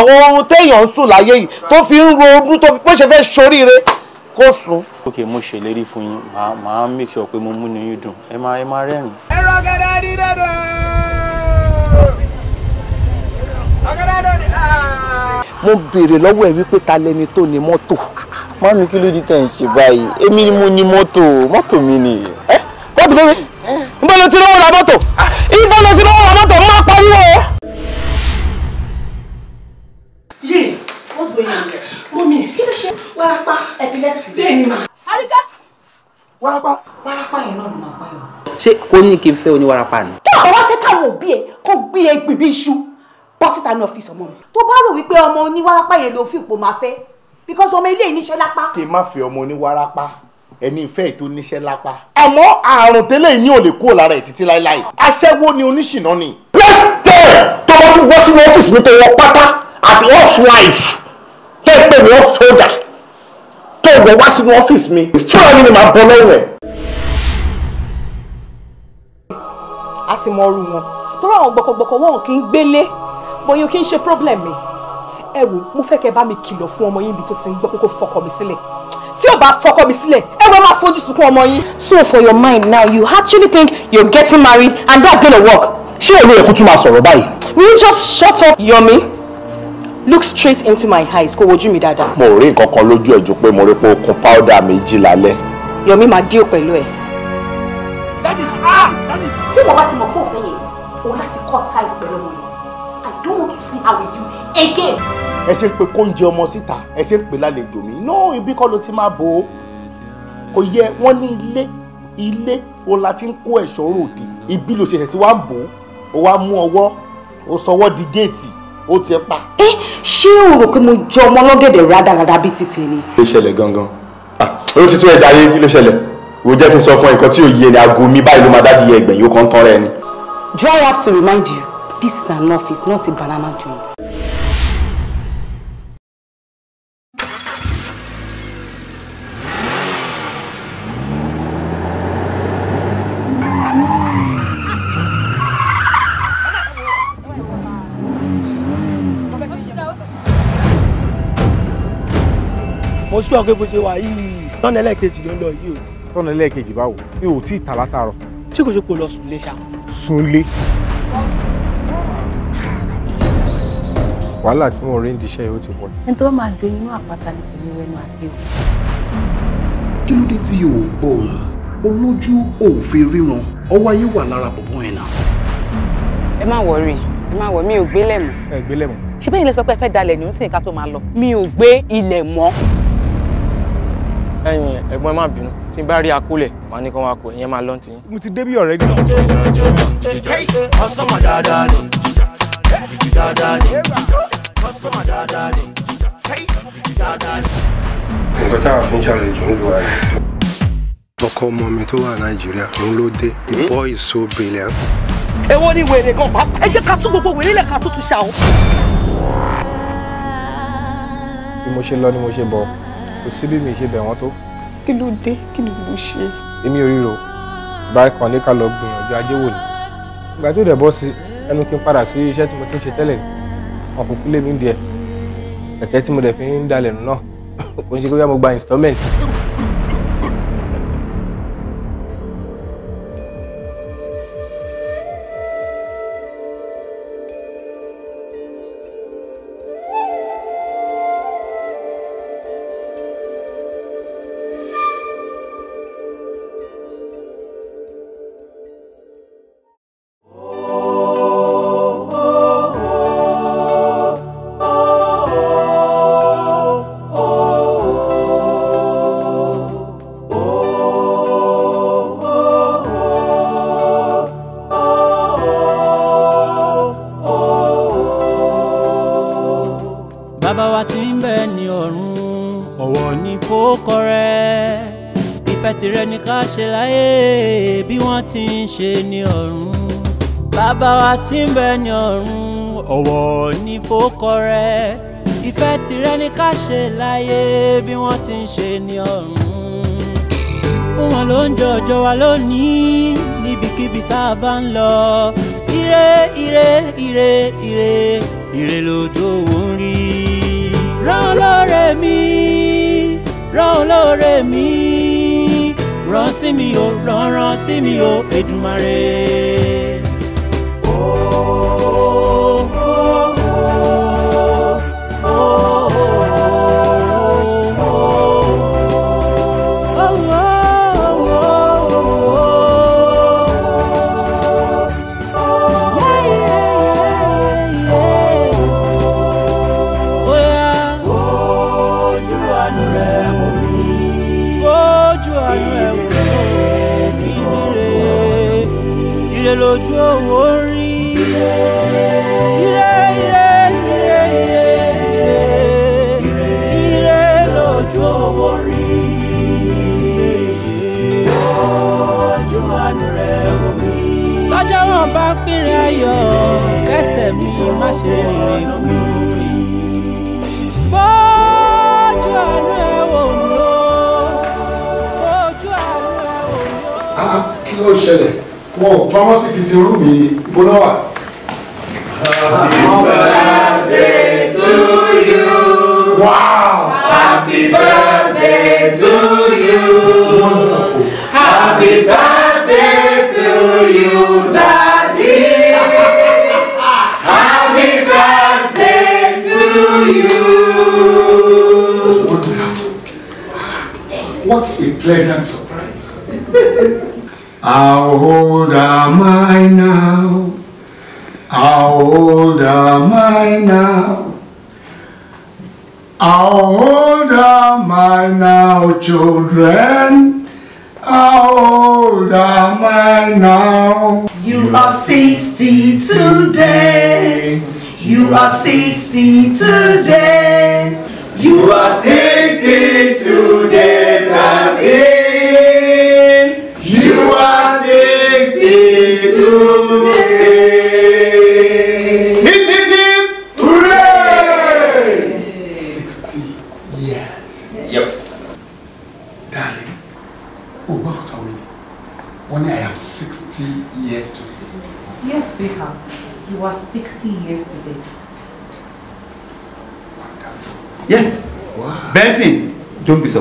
àwọn oorun téèyàn ń sùn láyé yìí tó fi ń ronú tó fi pèsè fẹ́ soríire kó sùn. ok mo ṣèlérí fún yín màá màá make sure pé mo múnú yín dùn ẹ máa ẹ máa rẹ́rìn. ẹ̀rọ mo béèrè lọ́wọ́ ewi wípé ta lẹni tó ni mọ́tò. mami kí ló di tẹ̀ ṣe ni mo ni mọ́tò mọ́tò mi ni. ẹ bọ́ọ̀dù ń bọ́ lọ lọ́wọ́ ń bọ́ lọ lọ́wọ́ pariwo. Wárápá ẹ̀pilẹ́tì. Bẹ́ẹ̀ni mà. Àríkà. Wárápá. Wárápá yẹn náà ló máa pa yẹn. Ṣé o ní kí n fẹ́ oníwárápá ni? Tí àwọn wá fẹ́ káwọn òbí ẹ̀ kó gbé e gbìbí iṣu bọ́ síta ní ọ́fíìsì ọmọ mi. Tó bá rò wípé ọmọ oníwárápá yẹn ló fi ipò máa fẹ́ because ọmọ ilé ìníṣẹ́ lápá. Kì í má fi ọmọ oníwárápá ẹni ìfẹ́ ètò oníṣẹ́ lápá. Àmọ́ àrùn tẹ́lẹ̀ ní ò lè kúrò lára ẹ̀ títí láéláé. Aṣẹ́wó ni oníṣìná ni. Pẹ́sítẹ̀ tó bá tún wọ́ sínú ọ́fíìsì mi tó wọ pátá àti off life tó ń pè ní off shoulder tó wọ̀ wá sínú ọ́fíìsì mi fúnra mi ni màá bọ́ lọ́wọ́ ẹ̀. a ti mọ ọrú wọn torí àwọn gbọkọgbọkọ wọn kì í gbélé bọyìn kì í ṣe problem mi ẹ wò mo fẹ́ kẹ́ bá mi kìlọ̀ fún ọmọ yín ibi tó ti ń gbọ́ pé kó fọkọ mi sílẹ̀ tí ò bá fọkọ mi sílẹ̀ ẹ wọ́n máa fojú sunkún ọmọ yín. so for your mind now you actually think you're getting married and that's gonna work. ṣé èmi ẹ̀kú tún máa sọ̀rọ̀ báyìí. will you just shut up Yomi look straight into my eyes kó wojú mi dáadáa. mo rí nǹkan kan lójú ẹ ju pé mo rí pé o kun powder méjì lálẹ́. yomi máa díò pẹ̀lú ẹ. dadi ah dadi. tí mo bá ti mọ̀ pé òfin yẹn o láti cut ties pẹ̀lú ọmọ i don't want to see her with you again. ẹ ṣe ń pe kóúnjẹ ọmọ síta ẹ ṣe ń pe lálejò mi náà ibi kọ́ ló ti máa bò ó kò yẹ wọ́n ní ilé ilé o la ti ń kó ẹ̀ṣọ́ ròde ibi ló ṣẹ̀ṣẹ̀ tí wàá bò ó o wàá mú ọwọ́ o sọwọ́ di géètì ó ti ẹ pa. ẹ ṣé o rò pé mo jọ ọmọ ọlọ́gẹ̀dẹ̀ rádaràda bíi títì ni. kí ló ṣẹlẹ̀ gangan ah, ó ti tún ẹja ayé kí ló ṣẹlẹ̀ wo jẹ́ kí n sọ fún ẹ nǹkan tí ò yé ni aago mi báyìí ló máa dá di ẹgbẹ̀yìn ó kàn ń tán rẹ do I have to remind you this is an office not a banana joint. sọ pé bó ṣe wà yìí tọ́nà ẹlẹ́ẹ̀kejì ló ń lọ yìí o. tọ́nà ẹlẹ́ẹ̀kejì báwo mi ò tí ì tà látàárọ̀. ṣé kò ṣe kó lọ sùn lé ṣá. sùn lé. wàhálà tí wọn rí ń diṣẹ́ yóò ti pọ̀. ẹni tó bá máa jó inú àpáta ni kò ní wẹnu àti o. kí ló dé tí yóò gbóòórùn olójú òfin ríran ọwọ́ ayé wà lára bọ̀bọ̀n ẹ̀ náà. ẹ má wọrí ẹ má wọ mi ò gbélé mọ́. ẹ gbélé mọ́. ṣé bẹ́ẹ̀ ni ilé sọ pé ẹ fẹ́ dalẹ̀ ní oṣù ká tó máa lọ. mi ò gbé ilẹ̀ mọ́ ẹ̀yin ẹ̀gbọ́n ẹ má bínú tí n bá rí akólẹ̀ màá ní kí wá kó e. ìyẹn máa lọ́ntì yín. mo ti débí ọ̀rẹ́ dì. kọ́sítọ́mà dáadáa ni jìjì dáadáa ni kọ́sítọ́mà dáadáa ni jìjì dáadáa ni. nǹkan tá a fún challenge ń lu ààrẹ. ọkọ ọmọ mi tó wà nàìjíríà òun ló dé the hmm? boy is so brilliant. èwo ni wèrè gan pa ẹ jẹ́ ká tún gbogbo wèrè lẹ̀ ká tó tún ṣá o. bí mo ṣe lọ ni mo ṣe bọ̀ kò sí bí mi ṣe bẹ̀ wọ́n tó. kí ló dé kí ni mo ṣe. èmi ò ríro báyìí kan ní ká lọ gbìyànjú ajé wò ni ìgbà tó dẹ̀ bọ́ sí ẹnu kí n padà sí iṣẹ́ tí mo ti ń ṣe tẹ́lẹ̀ wọn kò kú lé mi díẹ̀ kẹ̀kẹ́ tí mo dẹ̀ fi ń dalẹ̀ nù náà kò ń ṣe pé mo gba installment. tí ń bẹ ní ọ̀run ọ̀wọ̀ ní fòkọ rẹ ìfẹ́ tìrẹ ní ká ṣe láyé bí wọ́n ti ń ṣe ní ọ̀run fún wọn ló ń jọ ọjọ́ wa lónìí níbikíbi tá a bá ń lọ ire ire ire ire ire lójú òwò ń rí ràn olóore mi ràn olóore mi ràn sí mi o ràn ràn sí mi o Èdùmàrè.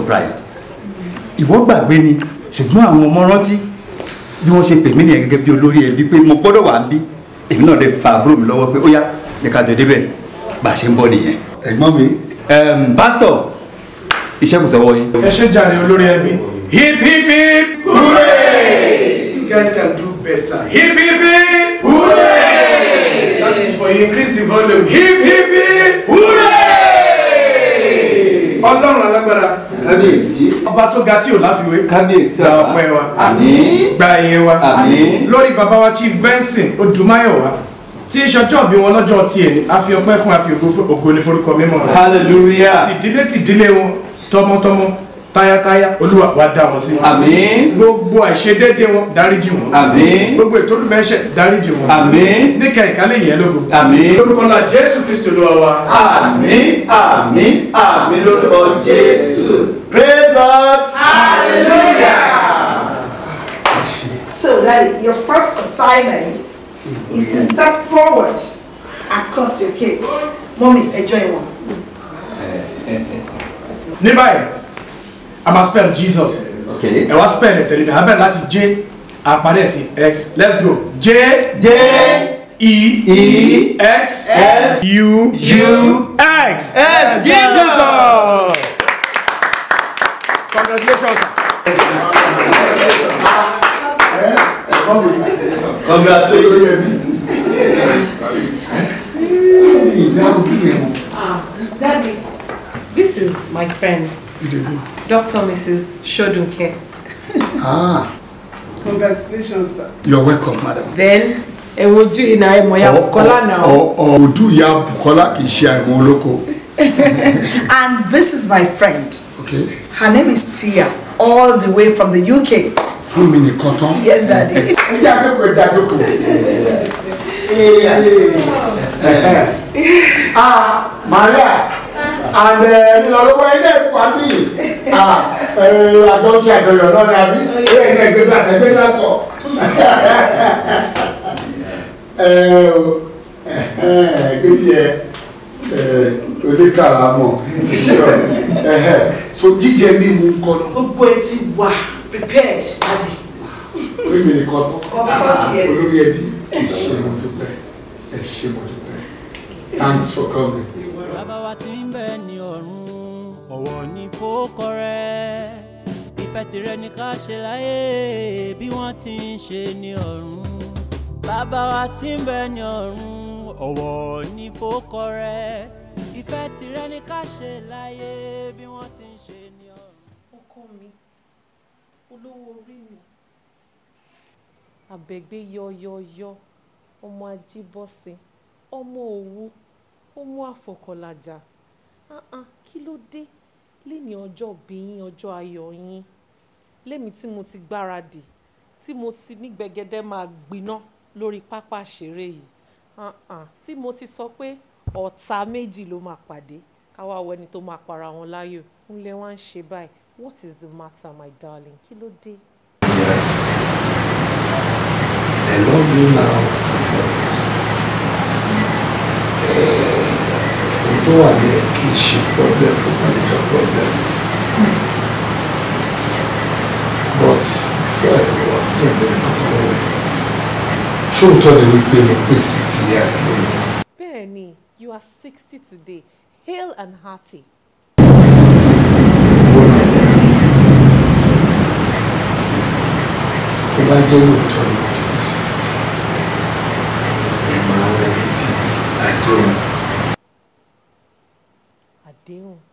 surprised ìwọ gbàgbé ni ṣùgbọ́n àwọn ọmọ rántí bí wọ́n ṣe pè mí nìyẹn gẹ́gẹ́ bí olórí ẹbí pé mo gbọ́dọ̀ wà ń bí èmi náà dẹ̀ fa àbúrò mi lọ́wọ́ pé ó yá ní ká dẹ̀dẹ̀ bẹ̀ bá a ṣe ń bọ̀ nìyẹn. ẹ̀gbọ́n mi. pásítọ̀ iṣẹ́ kò sọ́wọ́ yín. ẹ ṣe jàre olórí ẹbí hip hip hip hooray you guys can do better hip hip hip hooray that is for you increase the volume hip hip hip hooray ọlọ́run alágbára kábíyèsí. ọba tó ga tí ò láfiwé. kábíyèsí ọba gba ọpẹ́ wa. àmín. gba ẹyẹ wa. àmín. lórí bàbá wa chief benson odùmáyọ̀wá tí ìṣọjọ́ bí wọn lọ́jọ́ tiẹ̀ ní a fi ọpẹ́ fún a fi ògo ní forúkọ mímọ́ rẹ̀. hallelujah. tìdílé tìdílé wọn tọmọtọmọ táyátáyá olúwa wá dá wọn sí. àmín. gbogbo àìṣedéédé wọn dáríjì wọn. àmín. gbogbo ìtòlùmẹ́ṣẹ̀ dáríjì wọn. àmín. níkà ìkálẹ̀ yẹn lógo. àmín. lórúkọ náà jésù kristu ló wá. àmín àmín àmín lórúkọ jésù. praise God. hallelujah. So that your first assignment is to step forward and cut your cake. Mommy, enjoy one. ní báyìí a máa spell jesus ẹ wá spell ẹ tẹ̀lé mi a bẹ̀rẹ̀ láti j àpárẹ̀ sí x let's go j j e e x s u u x s jesus congratulations. congratulations. Ah, Daddy, this is my friend. Idebo. Dr. Mrs. Shodunke. ah. Congratulations, sir. You're welcome, madam. Then, ẹ wojú iná ẹmọ moya Bukola now. Odu ya Bukola kì í ṣe àìmọ̀ And this is my friend. Okay. Her name is Tia, all the way from the UK. Fún mi nìkan Yes, daddy. Ìjà Ah, Maria and ìlọlọ́wọ́ ilé ẹ̀kọ́ àbí àjọ ṣe àjọyọ̀ náà ni àbí ilé ẹ̀kọ́ ẹgbẹ́ gíláàsì ẹgbẹ́ gíláàsì ọ̀ ẹgbẹ́ tiẹ̀ oníkàrà mọ̀ so jíjẹ mímu kọ́ lọ. gbogbo ẹ ti wà prepared adi. orí mi nìkan tán olórí ẹbí ẹ ṣé mo dúpẹ́ ẹ ṣé mo dúpẹ́ thanks for coming ọ̀wọ̀ ní fòókọ rẹ̀ ìfẹ́ tìrẹ ní ká ṣe láyé bí wọ́n ti ń ṣe ní ọ̀run bàbá wa ti ń bẹ ní ọ̀run ọ̀wọ̀ ní fòókọ rẹ̀ ìfẹ́ tìrẹ ní ká ṣe láyé bí wọ́n ti ń ṣe ní ọ̀run. ọkọ mi olówó orí mi àbẹ̀gbẹ́ yọyọyọ ọmọ ajíbọ́sìn ọmọ òwu ọmọ àfọkọ̀làjà kí ló dé léni ọjọ́ ìbí yín ọjọ́ ayọ̀ yín lémi tí mo ti gbáradì tí mo ti ní gbẹ̀gẹ́dẹ́ máa gbiná lórí pápá àṣeré yìí tí mo ti sọ pé ọ̀tá méjì ló máa pàdé káwá wo ẹni tó máa para wọn láyò ńlẹ̀ wá ń ṣe báyìí what is the matter my darling kí ló dé. tó wà ní kì í ṣe problem tó kàn lè problem but before I go on jẹ́ ìbẹ̀rẹ̀ náà lọ́wọ́ ẹ̀ ṣóòótọ́ ni wípé mo pé sixty years lẹ́yìn. bẹ́ẹ̀ni you are sixty today hail and hearty. owó nàìjíríà tó bá jẹ́ lóòótọ́ ni mo ti pé sixty ẹ̀ máa ń rẹ̀ létí àdéhùn. Deus.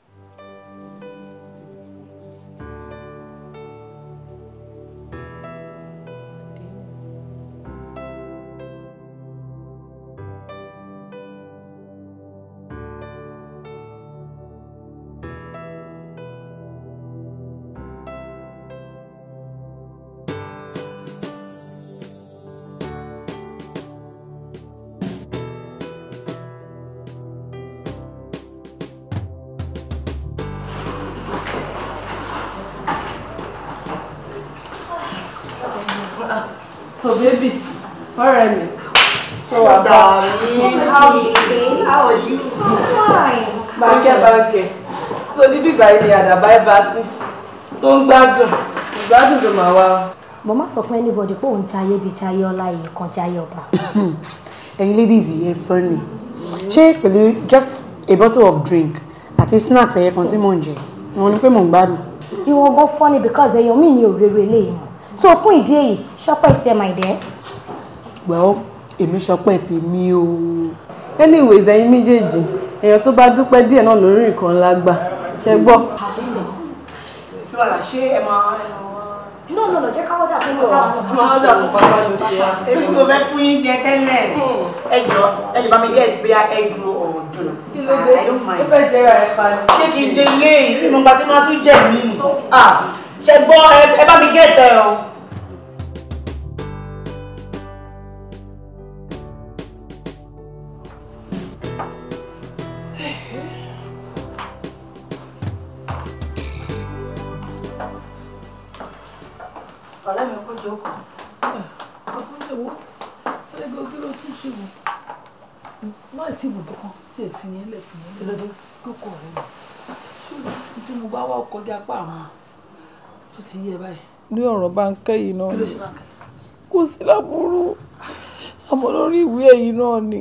baby alright. So, Bàbá mi how how are you? I'm bàjẹ́ bàjẹ́ tó níbí báyìí ni àdàbà ẹ̀ bá sí tó ń gbádùn ìgbádùn ló máa wá. mo má sọ fún anybody pé òun jayé bíi jayé ọlá yìí kan jayé ọba. ẹ̀yin ladies yìí ẹ fẹ́ ṣé pẹ̀lú just a bottle of drink àti snacks ẹ̀yẹ kan tí mò ń jẹ wọn ni pé mò ń gbádùn. ìwọ̀n gan fọ́ because ẹ̀yàn mi ni òrèrè eléyìí mọ̀ so fún ìdí èyí ṣọpẹ́ tiẹ̀ my dear. well èmi ṣọpẹ́ tèmi o. anyways ẹ̀yin méjèèjì èèyàn tó bá dúpẹ́ díẹ̀ náà lórí nǹkan ńlá gbà ṣe gbọ́. ṣé ẹ máa no no no jẹ́ ká wọ́dà fún wọ́dà fún wọ́dà fún pápá ló tiẹ̀. èmi kò fẹ́ fún yín jẹ tẹ́lẹ̀ hmm. ẹ jọ ẹ lè bá mi get bóyá egg roll or donut. kí ló dé ó fẹ́ jẹ́ rẹ̀ pa ni. ṣé kí n jẹ ilé ìbímọ gbàtí máa tún jẹ mí ṣe gbọ́ ẹ bá mi gé ìtẹ̀ o. ti yé báyìí. ní ọ̀rọ̀ Bánkẹ́ yìí náà ni kò sí láburú àmọ́ lórí ìwé èyí náà ni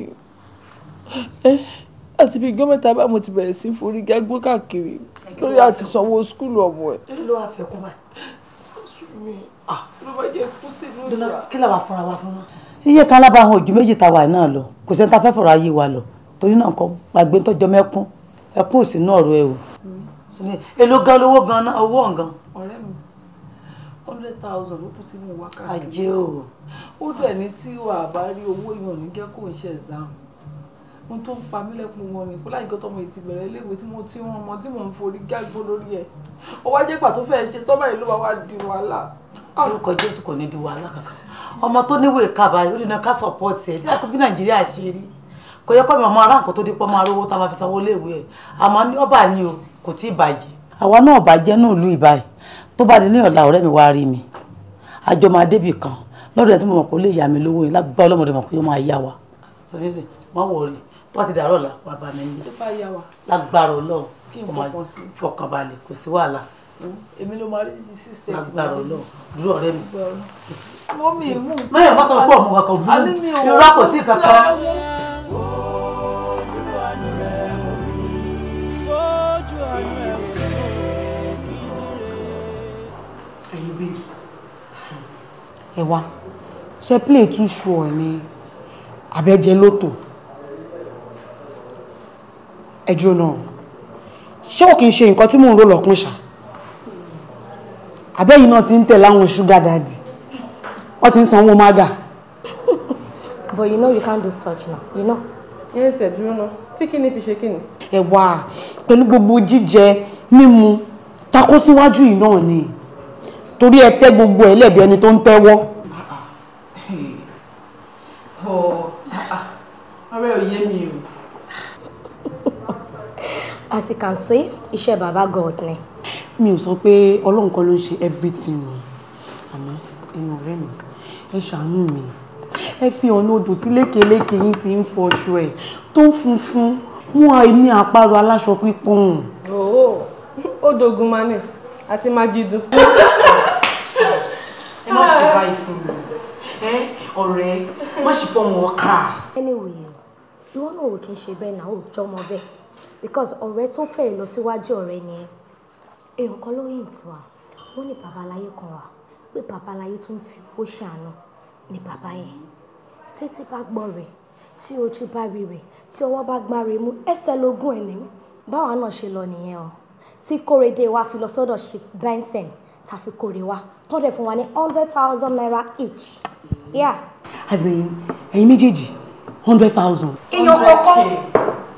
àti bíi gọ́mẹ̀ta bá mo ti bẹ̀rẹ̀ sí forí gẹ́gbó káàkiri lórí àti sanwó skúlù ọmọ ẹ̀. kí ló wàá fẹ́ kó báyìí. ló bá jẹ kú sínú ìyá. kí làwọn afọra wa fún wọn. iye kan lábàáhùn òjò méjì tàwa náà lọ kò sẹ́ni tá a fẹ́ fọ̀rọ̀ ayé wa lọ torí náà nǹkan gbàgbé tọ́jọ́ mẹ́kún ẹkún ò sí ẹ o. Hmm. èlò gan lówó gan owó gan. ọ̀rẹ́ mi hundred thousand ló kù sí mi wá káàkiri. o. ó dẹ̀ ní tí wà á bá rí owó èèyàn ní jẹ́ kó ń ṣe exam ohun tó ń pa mí lẹ́kùn wọn ni kó láì gbọ́ tọmọ ètí bẹ̀rẹ̀ iléèwé tí mo ti rán ọmọ tí mò ń forí gágbó lórí ẹ̀ ó wá jẹ́ pàtó fẹ́ ṣe tọ́ba yìí ló bá wá di wàhálà. orúkọ ah! jésù kò ní di wàhálà kankan ọmọ tó níwèé kaba yìí ó dènà ká sọpọ́ọ̀tì ẹ̀ díẹ̀ kó bí nàìjíríà ṣe rí kò yẹ kó mi ọmọ ará tó dé máa rówó tá a máa fi sanwó léèwé ẹ̀ o kò tí ì bàjẹ́ tó bá di ní ọ̀la ọ̀rẹ́ mi wá rí mi àjọ máa débì kan lọ́dọ̀ ẹ̀ tó mọ̀ kó lè yà mí lówó yìí lágbá ọlọ́mọdé mọ̀ kó yóò máa yá wa má wọrí tó ti dàrọ̀ la wà bá mi ní lágbára ọlọ́run kó máa fọkànbalẹ̀ kò sí wàhálà èmi ló máa rí títí six thirty. lágbára ọlọ́run dúró ọ̀rẹ́ mi. mọ́mí mú. mẹ́yàn bá sọ pé ọmọ kankan bú irọ́ kò sí kankan. babes. ẹ wá play too sure ni abẹ́jẹ lóto ẹjọ́ náà ṣé ò kí n ṣe nǹkan tí mò ń rò lọ́kùn ṣá abẹ́yìn náà ti ń tẹ̀ láwọn ṣúgà dáàdì wọ́n ti ń sanwó but you know you can't do such now you know. yẹn tẹ̀ dúró náà tí kíni fi ṣe kíni. ẹ̀wà pẹ̀lú gbogbo jíjẹ mímu takó síwájú yìí náà ni torí ẹ gbogbo ẹ̀ ẹni tó ń tẹ́wọ́. Ah, ah, as you can see iṣẹ́ bàbá god ni. mi ò sọ pé ọlọ́run kan ló ń ṣe everything o àmọ́ ẹ̀yin ọ̀rẹ́ mi ẹ ṣàánú mi ẹ fi ọ̀nà odò tí lékeléke yín ti ń fọṣọ ẹ̀ tó funfun mú àìní àparò aláṣọ pípọ́n. odò ogun máa àti májídùn. ọ̀rẹ́ má ṣe fọmọ ọkà. anyways ìwọ náà ò kí ń ṣe bẹ́ẹ̀ náà ò jọmọ bẹ́ẹ̀ because ọ̀rẹ́ tó fẹ́ lọ síwájú ọ̀rẹ́ ni ẹ èèyàn kan ló yìn tí wa wọ́n ní babaláyé kan wà pé babaláyé tó ń fi owó ṣàánú ni bàbá yẹn tètè bá gbọ́ rẹ̀ tí ojú bá rí rẹ̀ tí ọwọ́ bá gbá rẹ̀ mú ẹsẹ̀ lógún ẹ̀ nìyí báwa náà ṣe lọ nìyẹn o tí kórèdé wa fi lọ sọ́dọ̀ Chief Benson tàfi kórè wa tọ́jú ẹ̀ fún wa ní hundred thousand naira each. Yeah. As in, ẹ̀yin méjèèjì, hundred thousand. Èèyàn kọ̀ọ̀kan.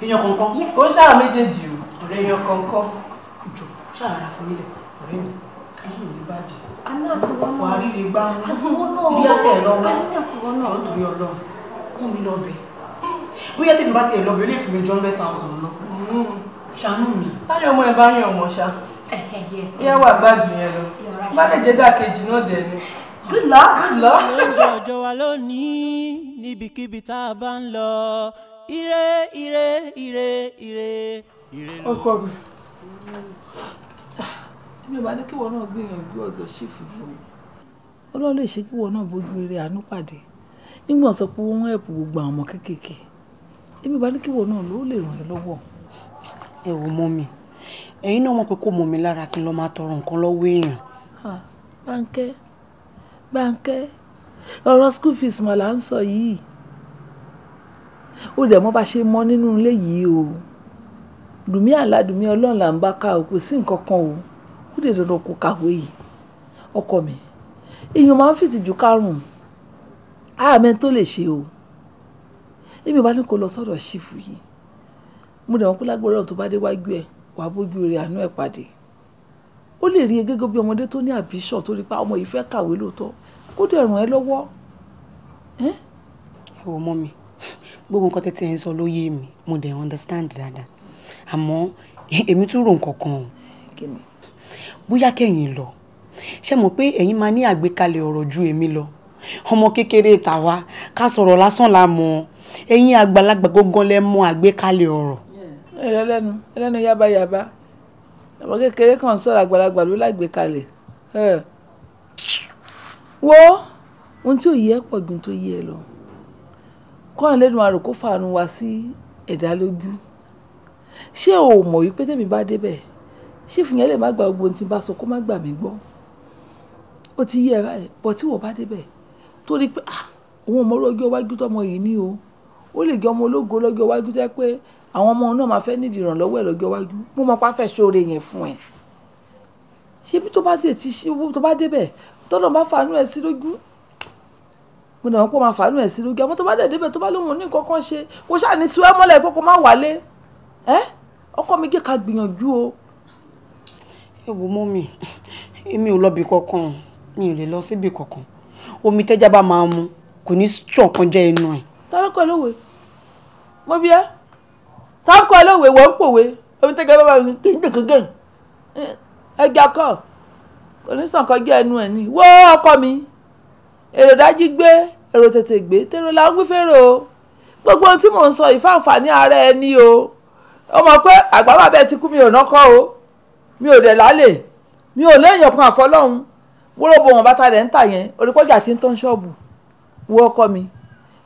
Èèyàn kọ̀ọ̀kan. Yes. Ó ṣáà méjèèjì o, ọ̀rẹ́ èèyàn kọ̀ọ̀kan. Jọ ṣáà rà fún ilẹ̀, ọ̀rẹ́ mi, ayé ò ní bàjẹ́. Àmì àtiwọ́ náà. Wà á ríre gbá. Àtiwọ́ náà. Ilé àtẹ̀ lọ́wọ́. Àmì àtiwọ́ náà. Ọ̀rọ̀ torí ọlọ́run, wọ́n mi lọ bẹ̀. Bóyá tèmi bá tiẹ̀ lọ bẹ̀, ó lè fún mi jọ hundred thousand lọ. Mm-hmm. Ṣàánú mi. Táyọ̀ ọmọ ẹ̀ bá yàn ọmọ ṣá. Ìyá wà gbájú yẹn lọ. Bá lè jẹ́ dákejì náà dẹ̀ ni good luck good luck. lójú ọjọ́ wa lónìí níbikíbi tá a bá ń lọ ire ire ire ire ọkọ mi mi ò bá ní kí wọn náà gbìyànjú ọ̀dọ̀ ṣìfì fún mi ọlọ́run lè ṣe kí wọn náà bójú eré àánú pàdé nígbà sọ pé wọn ẹ̀pù gbogbo àwọn ọmọ kéékèèké èmi bá ní kí wọn náà ló lè ràn ẹ́ lọ́wọ́. ẹ wò mọ mi ẹ̀yin náà mọ̀ pé kò mọ mi lára kí n lọ máa tọrọ nǹkan lọ́wọ́ èèyàn. báńkẹ́ Bánkẹ́ ọ̀rọ̀ school fees mà là ń sọ yìí ó dẹ̀ mọ́ bá ṣe mọ́ nínú ilé yìí o dùmí àládùmí ọlọ́run là ń bá ká o kò sí nǹkan kan o ó dẹ̀ dandan kó kàwé yìí ọkọ mi èèyàn máa ń fìtìjú kárùn-ún àmẹ́ tó lè ṣe o èmi bá ní kó lọ sọ́dọ̀ ṣìfù yìí mo dẹ̀ wọ́n pé lágbóró tó bá déwájú ẹ̀ wàá bójú rẹ̀ àánú ẹ̀ pàdé ó lè rí e gẹ́gẹ́ bí ọmọdé tó ní ambition tó rí pa ọmọ yìí fẹ́ kàwé lóòótọ́ kó dẹ̀ ràn ẹ́ lọ́wọ́. ẹ wo mọ mi gbogbo nǹkan tẹ́tí ẹ̀ ń sọ ló yé mi mo dẹ̀ understand dáadáa àmọ́ èmi tún rò nǹkan kan o bóyá kẹ́yìn lọ ṣe mọ̀ pé ẹ̀yin máa ní àgbékalẹ̀ ọ̀rọ̀ ju èmi lọ ọmọ kékeré tàwa ká sọ̀rọ̀ lásán la mọ̀ ẹ̀yin àgbàlagbà gógán lẹ mọ̀ àgbékalẹ̀ ọ̀rọ̀. ẹlẹ́nu ẹlẹ́nu yábáyábá ọmọ kékeré kan sọ̀rọ̀ àgbàlagbà ló lágbèkalẹ̀ wo ohun tí ò yẹ pọ̀ dùn tó yẹ lọ kọ́rin lẹ́nu àrò kó fàánú wa sí ẹ̀dá lójú ṣé o mọ̀ wípé tèmi bá débẹ̀ ṣé fìyẹn lè má gba gbogbo ohun tí n bá sọ kó má gbà mí gbọ́ ó ti yẹ báyìí bọ̀ tí wọ́n bá débẹ̀ torí pé àwọn ọmọ ọlọ́jọ́ iwájú tọmọ yìí ní o ó lè jẹ́ ọmọ ológo lọ́jọ́ iwájú tẹ́ pé àwọn ọmọ náà máa fẹ́ nídìí ìrànlọ́wọ́ ẹ̀ lọ́jọ́ iwájú mo máa pa fẹ́ ṣoore yẹn fún ẹ ṣebí tó bá dé ti ṣe tó bá débẹ̀ tọ́nà bá fanú ẹ sí lójú mo dàgbọ́n pé máa fanú ẹ sí lójú àmọ́ tó bá dé débẹ̀ tó bá lóun ní nǹkan kan ṣe kò ṣáà ní tiwẹ́ mọ́lẹ̀ pé kò má wálé ẹ ọkọ mi jẹ́ ká gbìyànjú o. ẹ wo mọ́ mi èmi ò lọ́bi kankan mi ò lè lọ síbi kankan omi tẹ́já bá máa mu kò ní sọ̀kan jẹ́ inú ẹ̀. tálọ́kọ̀ lówe mo bí ẹ́ tọ́kọ olóòwe wọ́n ń pòwe omi tẹ́gẹ́ bá wà ní kéńkéńkéń ẹja kọ́ kò ní sàn kọjá ẹnu ẹ̀ ní wó ọkọ mi èrò dájí gbé èrò tètè gbé tèrò là ń gbé fèrè o gbogbo ohun tí mò ń sọ ìfáǹfààní ara ẹ ní o ó mọ̀ pé àgbà bàbá ẹ ti kú mi ò nọ́kọ́ o mi ò dẹ̀ lálẹ́ mi ò léèyàn kan àfọlọ́hún wúrọ̀bù wọn bàtà rẹ̀ ń tà yẹn orípọ́jà tí ń tán ṣọ́ọ̀bù wọ ọkọ mi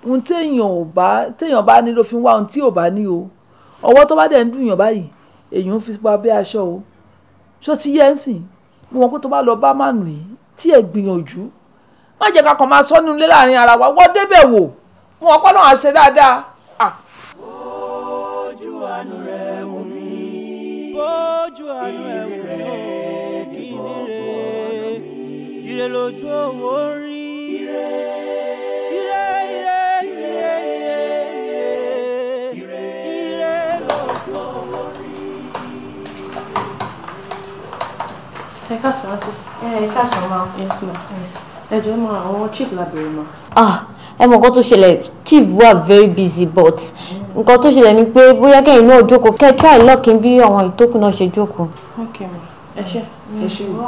ohun téèyàn bá ní ló fi ń wá ohun tí ò bá ní o ọwọ́ tó bá dẹ̀ ń dùn yàn báyìí èyàn fi pa bí aṣọ o ṣó ti yẹ ń sìn mo mọ̀ pé tó bá lọ bá mànù yìí tí ẹ̀ gbìyànjú má jẹ́ ká kàn máa sọ nílé láàrin ara wa wọ́n débẹ̀ wò mo mọ̀ pé náà ṣe dáadáa. ojú àánú rẹ̀ wù mí ojú àánú rẹ̀ wù mí ire lójú owó rí. ẹ káàsán àti. ẹ káàsán ma. chief labẹrẹ ma. ah ẹ mọ̀ nǹkan to ṣẹlẹ̀ chief wà very busy but nǹkan to ṣẹlẹ̀ ni pé bóyá kẹ́yìn náà jókòó kẹ́ try lọ́ọ̀kì bí àwọn ìtókù náà ṣe jókòó. ok ma ẹ ṣe mm, ẹ ṣe wò.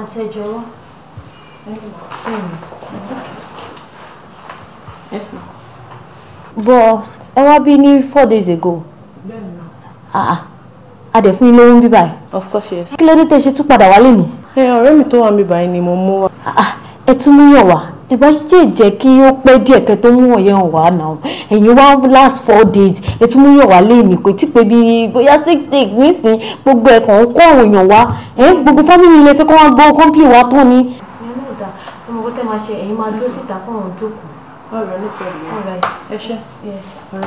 àti ẹjọ́ wọn. Mm. Yes, ma'am. But I was bí ní four days ago. Then? Ah, ma'am. Ah. A dẹ̀ fún yín lówó ń Of course yes. Kí ló dé tẹ́ took part padà wálé ni? Ẹ ọ̀rẹ́ mi tó wà mí báyìí ni mo mú wá. Ah, ẹ tún mú yàn wá. Ìbá ṣe jẹ́ kí ó pẹ́ díẹ̀ kẹ́ tó mú ọ̀yẹ́ hàn wá last four days. Ẹ tún mú yàn wá lé ní kò tí pé bí bóyá six days nísìnyí gbogbo ẹ̀kan ń kó àwọn èèyàn wá. Ẹ gbogbo fámìlì ilé fẹ́ kó wá gbọ́ kọ́ńpì wá tán ni ọmọ kó tẹ́ máa ṣe ẹ̀yin máa dúró síta fún òun jókòó. ọ̀rọ̀ ní pẹ̀lú ọ̀rọ̀ ẹ ṣe. ọ̀rọ̀ ọ̀rọ̀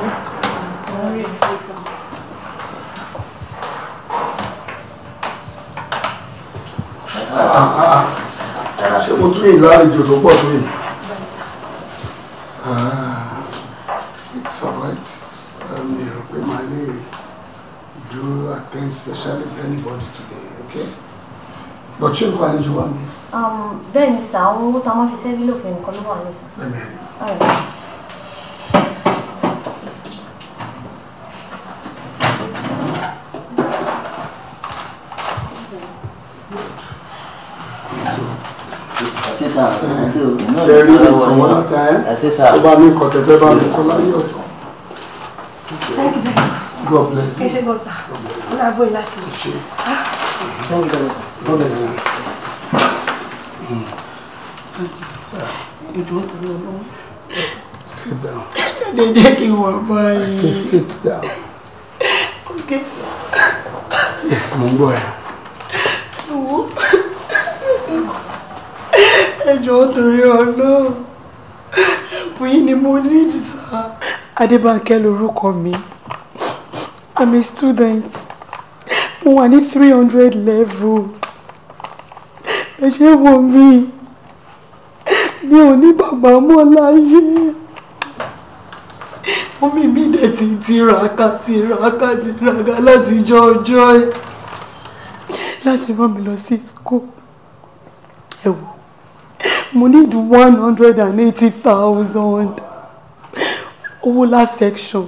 ṣé mo tún yìí lálejò tó pọ̀ tó yìí. Ah, it's alright um, mi rò pé màá lè do attend specialist anybody today okay? lọ ṣé ìlú àlejò wà mí bẹ́ẹ̀ ni sà àwọn owó tá a máa fi sẹ́rí lòpin nǹkan ló wà ní sà. ẹ̀rí mi sàn wọ́n láti ẹ́ ó bá mi kọ̀ tẹ́fẹ́ bá mi sọ láyé ọ̀tọ̀. Thank you very much. God bless you. Ẹ ṣe gbọ́n sà. Ọlá àbọ̀ ìlà ṣe. Thank you very much. God bless you sit down. ẹ̀ẹ́dẹ̀ jẹ́ kí n I say sit down. okay sir. yes mo ń gbọ́ ẹ. ìwọ ẹjọ torí Ọlọ́run ẹ̀bùn yìí ni mo ní ìdìsá. Adébánkẹ́ lorúkọ me. I'm a student mo wà 300 level ẹ ṣe wò mi, mi ò ní bàbá mọ́ láyé omi mi dẹ̀ ti tiraka tiraka tiraka láti jọ ọjọ́ ẹ láti rán mi lọ sí school ẹ wò mo need one hundred and eighty thousand owó la section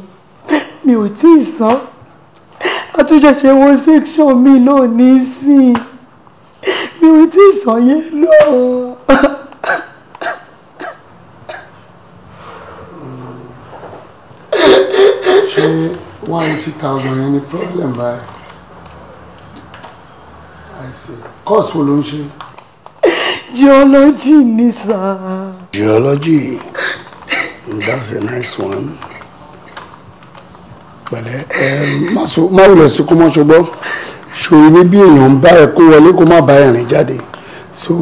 mi ò tí ì san àtúnṣe ṣe wo section mi náà ní mi ò tí ì sọ yẹn ṣé one eighty thousand any problem báyìí I see course wo ló ń ṣe. geology ni sir. geology that's a nice one pẹ̀lẹ́ ẹ má wulẹ̀ sí kó mọ́ ṣòro ní bí èèyàn ń bá ẹ kó wọlé kó má bá ẹ̀rìn jáde so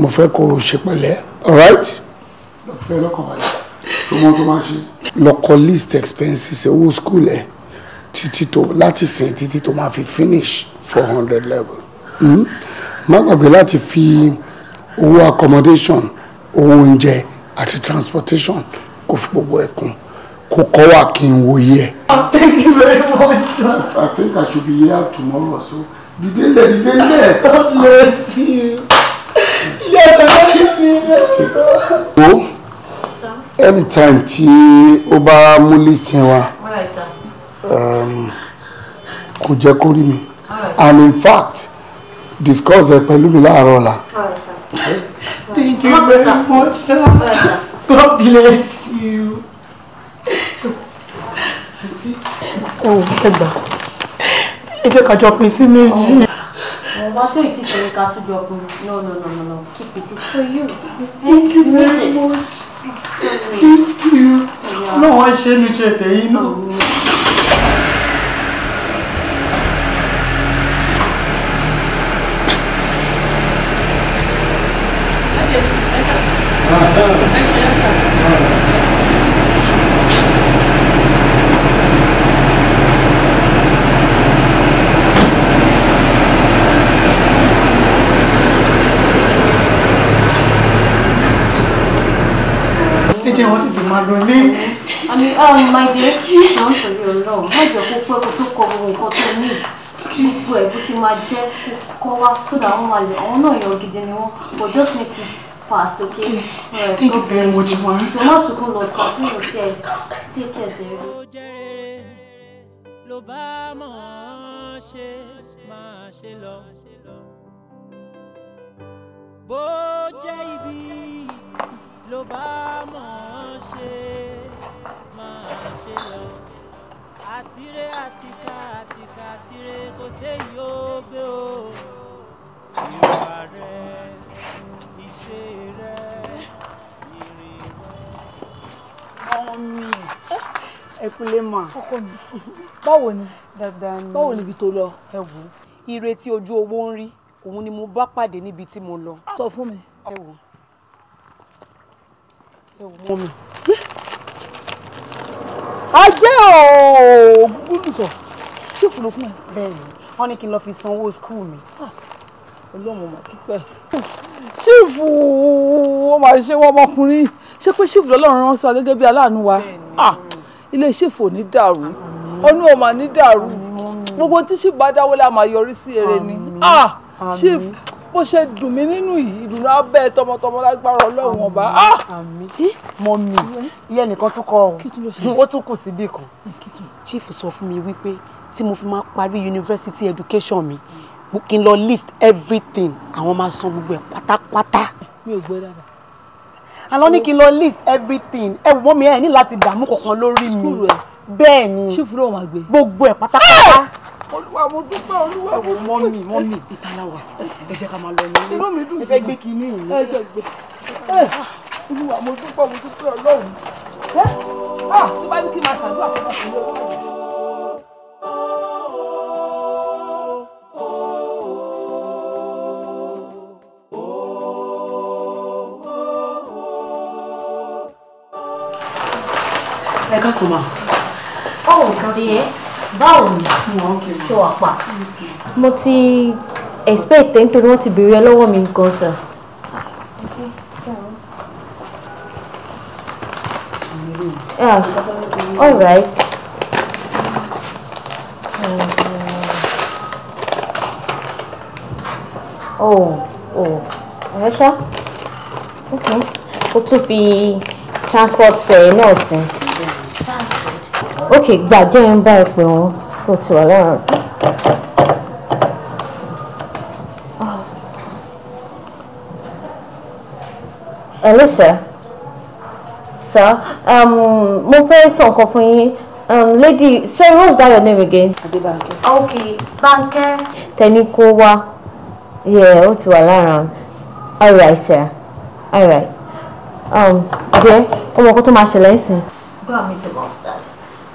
mo fẹ́ kó o ṣe pẹ̀lẹ́ alright. lọ́fẹ́ lọ́kàn balẹ̀ ṣọmọ tó máa ṣe. lọkọ list expenses owó school ẹ títí tó láti sìn títí tó máa fi finish four hundred level. Hmm? má gbàgbé láti fi owó accommodation owó oúnjẹ àti transportation kò fi gbogbo ẹ̀ kún kó kọ́ wà kí n wòye ẹ̀. Oh, thank you very much. i think i should be here tomorrow so dìde lẹ dìde lẹ. god bless you. yes i love you very much. anytime tí ó bá mú lísìn wa um, kò jẹ́ kó rí mi and in fact discuss ẹ pẹ̀lú mi láàárọ̀ ọ̀la. thank you very much sir god bless. ẹ wò ẹ gbà ẹ jẹ́ ká jọ pín sí méjì. ọba tó ìtì ṣe ni ká tún jọ pín no no no no no keep it it's for you. thank you very much thank you náà wọ́n ṣe é nu ṣe tẹ̀yìn náà. Oh, ah, ah. jẹ́ wọ́n tètè máa lọ ilé. àmì ọ̀hún máa jẹ́ kí ìjọ ń tẹ̀lé ọlọ́run má jẹ́ kó pẹ́ kó tó kọ gbogbo nǹkan tó ní gbogbo ẹ̀ bó ṣe máa jẹ́ kó wá tó dà wọ́n máa lè àwọn náà yan gidi ni wọ́n but just make it fast okay. Right, thank you very much ma. tòmá sunkún lọ tán fún your tears take care there. ló bá mọ̀ ṣe máa ṣe lọ bó jẹ́ ibi ló bá mọ̀ ọ́n ṣe máa ṣe lọ. àtiré àtìká àtìká àtiré kò séyìí ó gbé o. ìwà rẹ ìṣe rẹ ìrìn rẹ. ọmọ mi ẹ kúlé mà. ọkọ mi báwo ni. dáadáa ni báwo níbi tó lọ. ẹ wò ó. ojú owó ń rí òun ni mo bá pàdé níbi tí mo lọ. sọ fún mi. ẹ wò ọmọ mi ajé ooo gbúdùsọ ṣé fún lókun bẹ́ẹ̀ ni wọ́n ní kí n lọ fi sanwó skul mi. olóòmù ah, mà dúpẹ́ ṣífù ó máa ṣe wọ́n ọmọkùnrin ṣé pé ṣífù lọ́lọ́run rán sí wa gẹ́gẹ́ bí aláàánú wa ah, ilé ṣífù ò ní dàrú ọnú ò mà ní dàrú gbogbo tí ṣífù bá dáwọ́lé a máa yọrí sí eré ni ah, ṣífù bó ṣe dùn mí nínú ìdùnnú abẹ́ tọmọtọmọ lágbára ọlọ́run ọba. Ah! mọ́mì ìyẹn nìkan tún kọ ó tún kù síbì kan chief sọ fún mi wípé tí mo fi máa parí university education mi kí n lọ list everything àwọn máa san gbogbo ẹ̀ pátápátá. mi ò gbé dáadáa àlọ́ ní kí n lọ list everything ẹ wò mí ẹ ní láti dààmú kankan lórí mi bẹ́ẹ̀ ni gbogbo ẹ̀ pátápátá ah! olúwa mo dúpẹ́ olúwa. ẹ̀wọ̀ mọ́mì mọ́mì ìtàláwà ẹ jẹ́ ká máa lọ nílé inú mi dùn ẹ fẹ́ gbé kinní yìí. ẹ jẹ́ gbé ah, olúwa mo dúpẹ́ mo dúpẹ́ ọlọ́run ẹ ah, tó bá ní kí n máa ṣàdúrà fún ọkùnrin lọ́wọ́. ẹ ká sọ ma. ọ̀ ká sọ ma báwo ni ṣe wà pa. mo ti expect nítorí wọ́n ti béèrè lọ́wọ́ mi nǹkan sọ. Yeah. All right. Oh, oh. Ọ̀rẹ́ṣá. Okay. Ó tún fi transport fare náà sí ok gbà jẹ́ ń bá ẹ pè wọ́n kó tiwa láàárọ̀. Ah. hello sir sir um, mo fẹ́ sọ nǹkan fún yín um, lady sorry what's that your name again. Adebanke. Ok, Banke. tẹni kó wá yeah ó ti wà lára alright sir alright um, jẹ́ ọmọ kan tó máa ṣẹlẹ̀ ń sìn. go and meet him upstairs.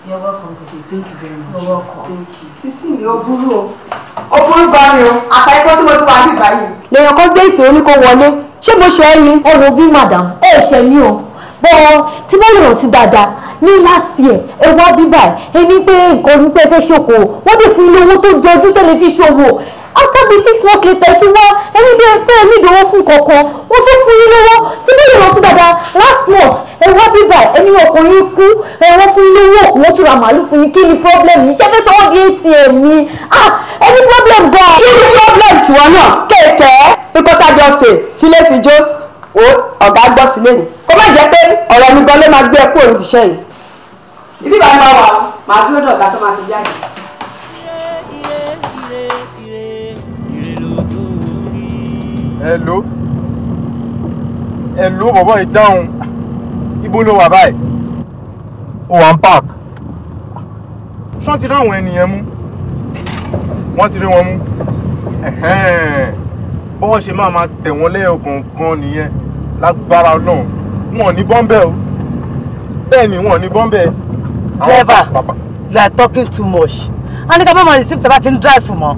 You're welcome, Thank you very much. You're welcome. Thank you. Sisi mi ò burú o. Ó burú gan ni o. Àtàkùn tí mo ti wà ní ìbáyìí. Lèèyàn kan dé ìsìn oníkó wọlé. Ṣé mo ṣe ẹ́ ni? Ẹ wo madam, ẹ ṣe mí o. Bọ́ tí bá lè rántí dáadáa ní last year ẹ wá bíbá ẹ ní pé nǹkan ní pé ẹ fẹ́ ṣòkòwò wọ́n dé fún ilé owó tó jọjú tẹ́lẹ̀ fi ṣòwò after bíi six months later tí wá ẹni bí pé ẹni ìdòwò fún kankan wọ́n tún fún yín lọ́wọ́ tí bí ìrìn àti dada last month ẹ wá bíbà ẹni ọkùnrin kú ẹ wọ́n fún yín lọ́wọ́ òkú wọ́n tún ra màálù fún yín kí ni problem yìí ṣé fẹ́ sọ wọ́n di atm mi ah ẹni problem gan. kí ni problem tiwọn náà kéèké ikọ́ tájọ ṣe sílé fi jó ọ̀gá gbọ́ sílé ni kó má jẹ́ pé ọ̀rọ̀ mi gan ló máa gbé ẹkú òun ti ṣẹ́yìn. ibi ìbá mi máa wà máa dúró dọ̀gá tó máa fi jáde. hello hello bọ̀bọ̀ yìí dáhùn ibo ló wà báyìí ó wà ń park ṣọ́n ti ráwọn ènìyàn mú wọ́n ti rí wọn mú bọ́wọ́ ṣe máa máa tẹ̀ wọ́n lẹ́yọkọ̀ọ̀kan nìyẹn lágbára ọlọ́run wọn ò ní bọ́ńbẹ́ o bẹ́ẹ̀ ni wọn ò ní bọ́ńbẹ́. driver you are talking too much a ní ká bá máa receive tàbá ti ń drive mọ́.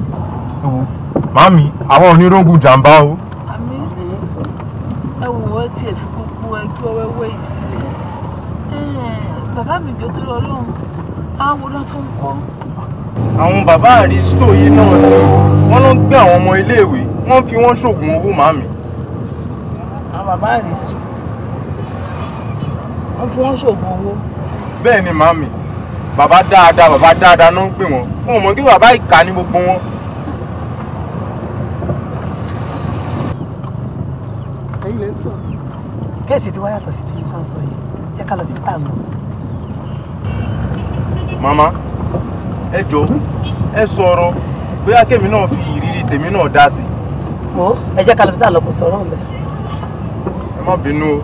màámi àwọn onírògùn jàǹbá o wọ́n ti ẹ̀ fi gbogbo ẹgbẹ́ ọwẹ́wẹ́ yìí sílẹ̀ bàbá mi gbé tó lọ́lọ́run àwọn náà tún kọ́. àwọn bàbá àrísítò yìí náà ni wọ́n ló ń gbé àwọn ọmọ iléèwé wọ́n fi wọ́n ṣoògùn owó màmí. àwọn bàbá àrísítò wọ́n fi wọ́n ṣoògùn owó. bẹ́ẹ̀ ni màmí bàbá dáadáa bàbá dáadáa náà ń pè wọ́n wọn ò mọ̀ kí bàbá ìkà ní gbogbo wọn kéèsì tí wáyà tọ̀ sí ti yín tán sọ yìí jẹ́ ká lọ síbi tá à ń lọ. màmá ẹ jọ ẹ sọ̀rọ̀ bóyá kémi náà fi ìrírí tèmi náà dá sí. wo ẹ jẹ́ ká lọ síbi tá lọ kò sọ̀rọ̀ ọ̀bẹ. ẹ má bínú o.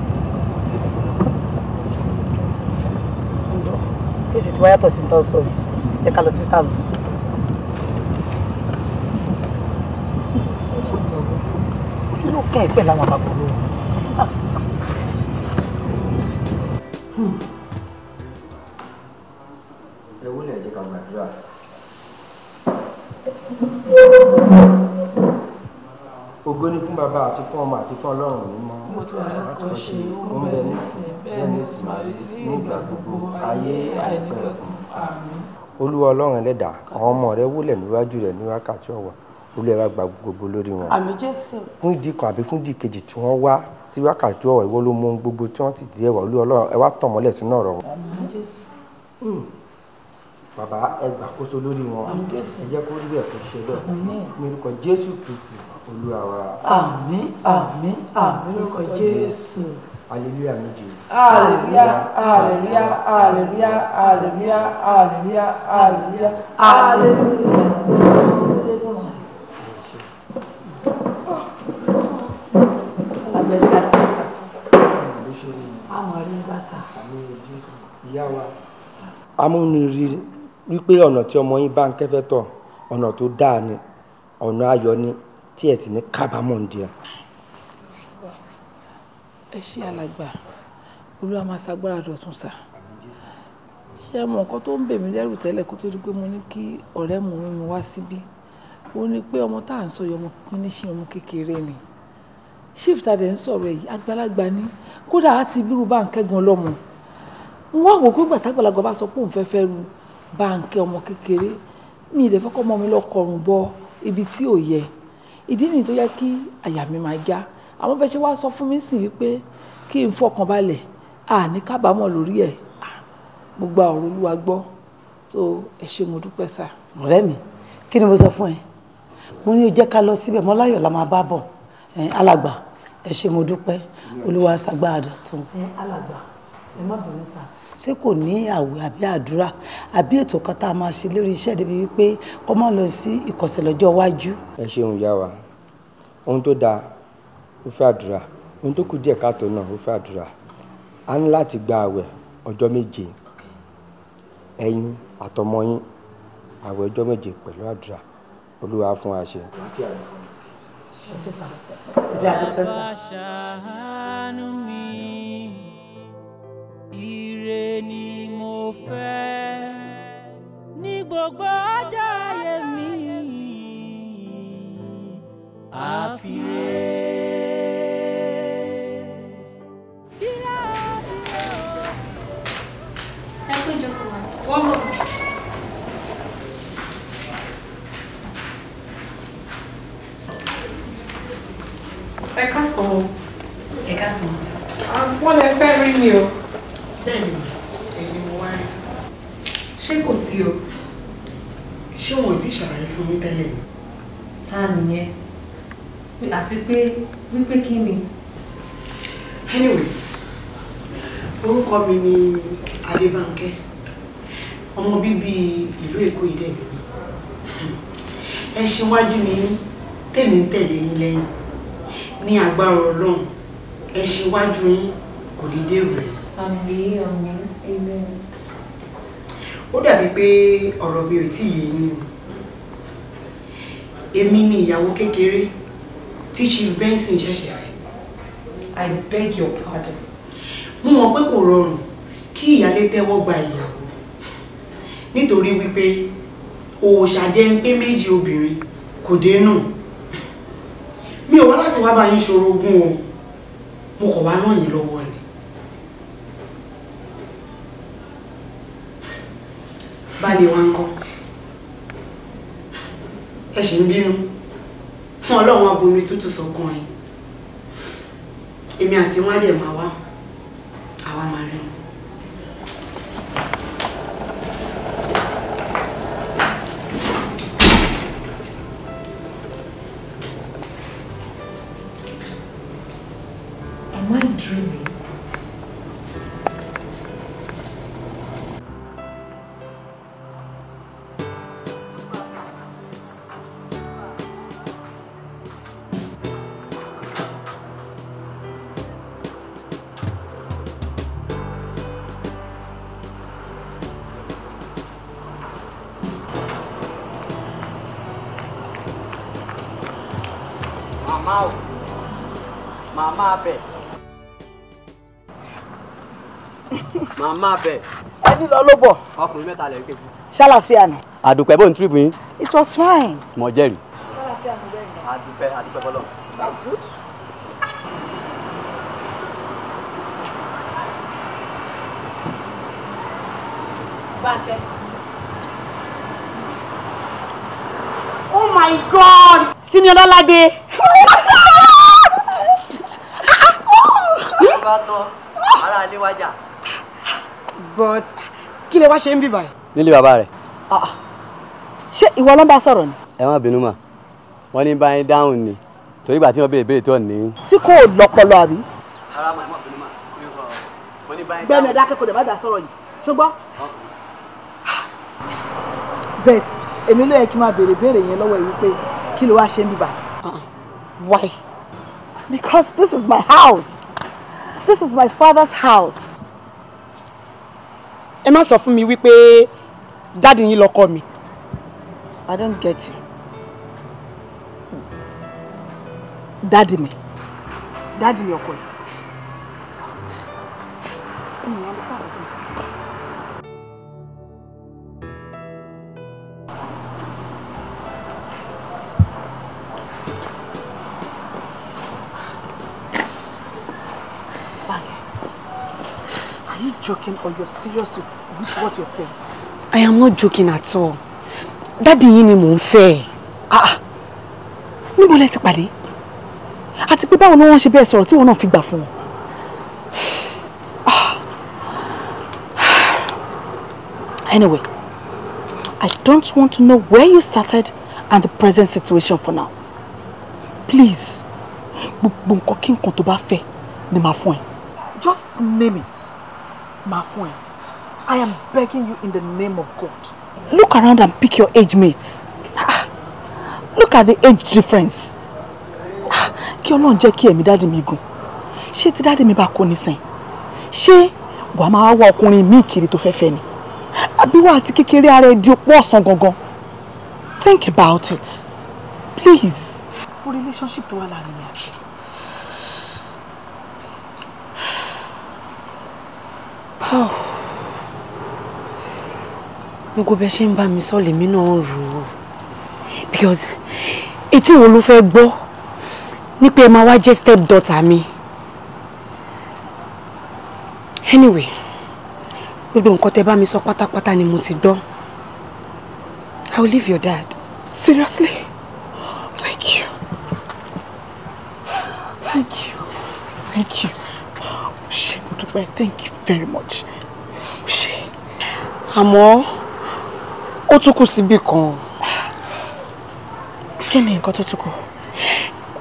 ǹjọ́ kéèsì tí wáyà tọ̀ sí tán sọ yìí jẹ́ ká lọ síbi tá à ń lọ. kí ló kẹ́ ẹ pẹ̀lú àwọn àbàbọ̀ lóhùn. àdúrà. ògo ni fún bàbá àti fún ọmọ àti fún ọlọ́run mímọ́. mo tún wà láti kọ́ ṣe ohun bẹ́ẹ̀ nísìn bẹ́ẹ̀ ni sì máa rí nígbà gbogbo ayé àìníkẹ́kùn àmín. olúwa ọlọ́run ẹlẹ́dàá àwọn ọmọ rẹ wólẹ̀ níwájú rẹ ní wákàtí ọ̀wọ̀ olúwa gba gbogbo lórí wọn. àmín jésù. fún ìdí kan àbí fún ìdí kejì tí wọ́n wá sí wákàtí ọ̀wọ̀ ìwọ ló mú gbogbo tí wọ́n ti di bàbá ẹ gbàkóso lórí wọn ẹ jẹ́ kó rí bẹ́ẹ̀ kó ṣe bẹ́ẹ̀ nírúkọ jésù kristi olúwa wa. àmín àmín àmín lórúkọ jésù. aleluya méje. aleluya aleluya aleluya aleluya aleluya aleluya aleluya. alágbèsè àgbàsà àmọ̀ rí gbàsà. ìyá wa amúniriri wípé ọ̀nà tí ọmọ yín bá ń kẹ́fẹ́ tọ̀ ọ̀nà tó dáa ni ọ̀nà ayọ̀ ni tí ẹ̀ sì ní kábàámọ̀ ń di ẹ̀. ẹ ṣe alàgbà olúwa máa ṣàgbára dọ̀tún sà ṣé mọ nǹkan tó ń bè mí lẹ́rù tẹ́lẹ̀ kó tó di pé mo ní kí ọ̀rẹ́ mò ń mi wá síbí ó ní pé ọmọ tá à ń sọ yọ ọmọ pínísìn ọmọ kékeré ni chief tade ń sọ̀rọ̀ yìí àgbàlagbà ni kódà á ti bírú bá ń kẹ́gun ọlọ́mọ wọ́n wò gbàtàgbàlagbà bá sọ pé òun fẹ́ fẹ́ ru báńkẹ́ ọmọ kékeré mi ì lè fọ́kọ́ mọ́ mi lọ kọrùn bọ ibi tí ò yẹ ìdí nìyí tó yẹ kí àyà mi máa já àwọn bẹ́ẹ̀ ṣe wá sọ fún mi sìn wípé kí n fọkàn balẹ̀ àní kábàámọ̀ lórí ẹ̀ mo gba ọ̀rọ̀ olúwa gbọ́ tó ẹ ṣé mo dúpẹ́ sà. ọ̀rẹ́ mi kí ni mo sọ fún ẹ mo ní o jẹ́ ká lọ síbẹ̀ mọ́ láyọ̀ la máa bá bọ̀ alàgbà ẹ ṣé mo dúpẹ́ olúwa ṣàgbáradà tó. alàgbà ẹ má bẹ̀rẹ̀ sáà ṣé kò ní àwẹ̀ àbí àdúrà àbí ètò kan tá a máa ṣe lórí iṣẹ́ débi wípé kó má lọ sí ìkọ̀sẹ̀ lọ́jọ́ iwájú. ẹ ṣeun ìyá wa ohun tó dáa ó fẹ́ àdúrà ohun tó kù díẹ̀ káàtó náà ó fẹ́ àdúrà a ní láti gba àwẹ̀ ọjọ́ méje ẹ̀yin àtọmọ yín àwẹ̀ ọjọ́ méje pẹ̀lú àdúrà olúwa fún wa ṣe. Ṣé sísá? Ṣé àdúrà sá? ire ni mo fẹ́ ní gbogbo ọjọ́ ayé mi àfiré. One more. Ẹ káàsán. Ẹ káàsán. Wọ́n lè fẹ́ rí mi o bẹ́ẹ̀ni èyí mo wá rí ṣé kò sí o ṣé wọn ò tí ṣàlàyé fún mi tẹ́lẹ̀ ni. ta nìyẹn àti pé wípé kí ni. anyway orúkọ mi ni adébánkẹ́ ọmọ bíbí ìlú èkó ìdẹ́mi ẹ ṣíwájú ni tèmi ń tẹ̀lé yín lẹ́yìn ní agbára ọlọ́run ẹ ṣíwájú yín kò ní dèrò ẹ̀. Ó dàbí pé ọ̀rọ̀ mi ò tí ì yé o. Èmi ni ìyàwó kékeré tí Chief Benson ṣẹ̀ṣẹ̀ fẹ́. I beg your pardon. Mo mọ̀ pé kò rọrùn kí ìyálé tẹ́wọ́ gba ìyàwó nítorí wípé òòṣà jẹ́ ń pé méjì obìnrin kò dénú. Mi ò wá láti wá bá yín ṣorogún o, mo kọ̀ wá ràn yín lọ́wọ́ ni. balẹ̀ wa ń kọ́ ẹ ṣì ń bínú wọn ọlọ́run abòmí tútù sọ̀kan ẹ̀ èmi àti wọn á máa wá. máa bẹ̀. ẹni lọ ló bọ̀. ọkùnrin mẹ́ta lẹ̀ ń ké sí. ṣàlàfíà nù. àdùpẹ́ bó ń tírìbù yín. it was fine. mo jẹ́rìí. ṣàlàfíà nù bẹ́ẹ̀ ni. àdùpẹ́ àdùpẹ́ bọ́lọ̀. that's good. bàtẹ́. oh my god. sínú ọlọ́ládé. bá tán ara níwájà but kí lè wá ṣe ń bì báyìí. nílé bàbá rẹ. Ah, ah. ṣé ìwọ ló ń bá sọ̀rọ̀ ni. ẹ má bínú mà wọ́n ní báyìí dáhùn ni torí ìgbà tí wọ́n béèrè béèrè tó ní. tí kò lọ́pọlọ àbí. gbẹ́nu ẹ̀dá akẹ́kọ̀ọ́ dẹ̀ má yìí ṣùgbọ́n. bet èmi ló yẹ kí n máa béèrè béèrè yẹn lọ́wọ́ yìí pé kí ló wá ṣe ń bì báyìí. Ah, why because this is my house this is my father's house ẹ má sọ fún mi wípé dáàdì yín lọkọ mi. I don't get you. dáàdì mi dáàdì mi ọkọ yìí. joking or you're serious with what you're saying. I am not joking at all. Daddy yín ni unfair. ń fẹ́. Ah. ah. Níbo lẹ ti pàdé? Àti pé báwo ló wọ́n ṣe bẹ́ẹ̀ sọ̀rọ̀ tí wọ́n náà fi gbà fún wọn. Ah. Anyway, I don't want to know where you started and the present situation for now. Please, gbogbo nǹkan kí nǹkan tó bá fẹ́ Just name it. My fún I am begging you in the name of God. Look around and pick your age mates. Ah, look at the age difference. Ah, kí Ọlọ́run jẹ́ kí ẹ̀mí dáàdì mi gùn. Ṣé ti dáàdì mi bá kó nísìn? Ṣé wàá máa wá ọkùnrin míì kiri tó fẹ́ ni? Àbí wàá ti kékeré ara ẹ di opó ọ̀sán gangan? Think about it. Please. Mo relationship tó wà láàrin mi àti. Oh, go bẹ ṣe ń bá mi so lèmi náà rò ó because etí wo ló fẹ́ gbọ́ ní pé ẹ máa wá step daughter mi anyway gbogbo nǹkan tẹ bá mi sọ pátápátá ni mo ti gbọ́ I will leave your dad. Seriously? Thank you. Thank you. Thank you dúpẹ́ thank you very much ṣe àmọ́ ó tún kù síbì kan kí ni nǹkan tó tún kù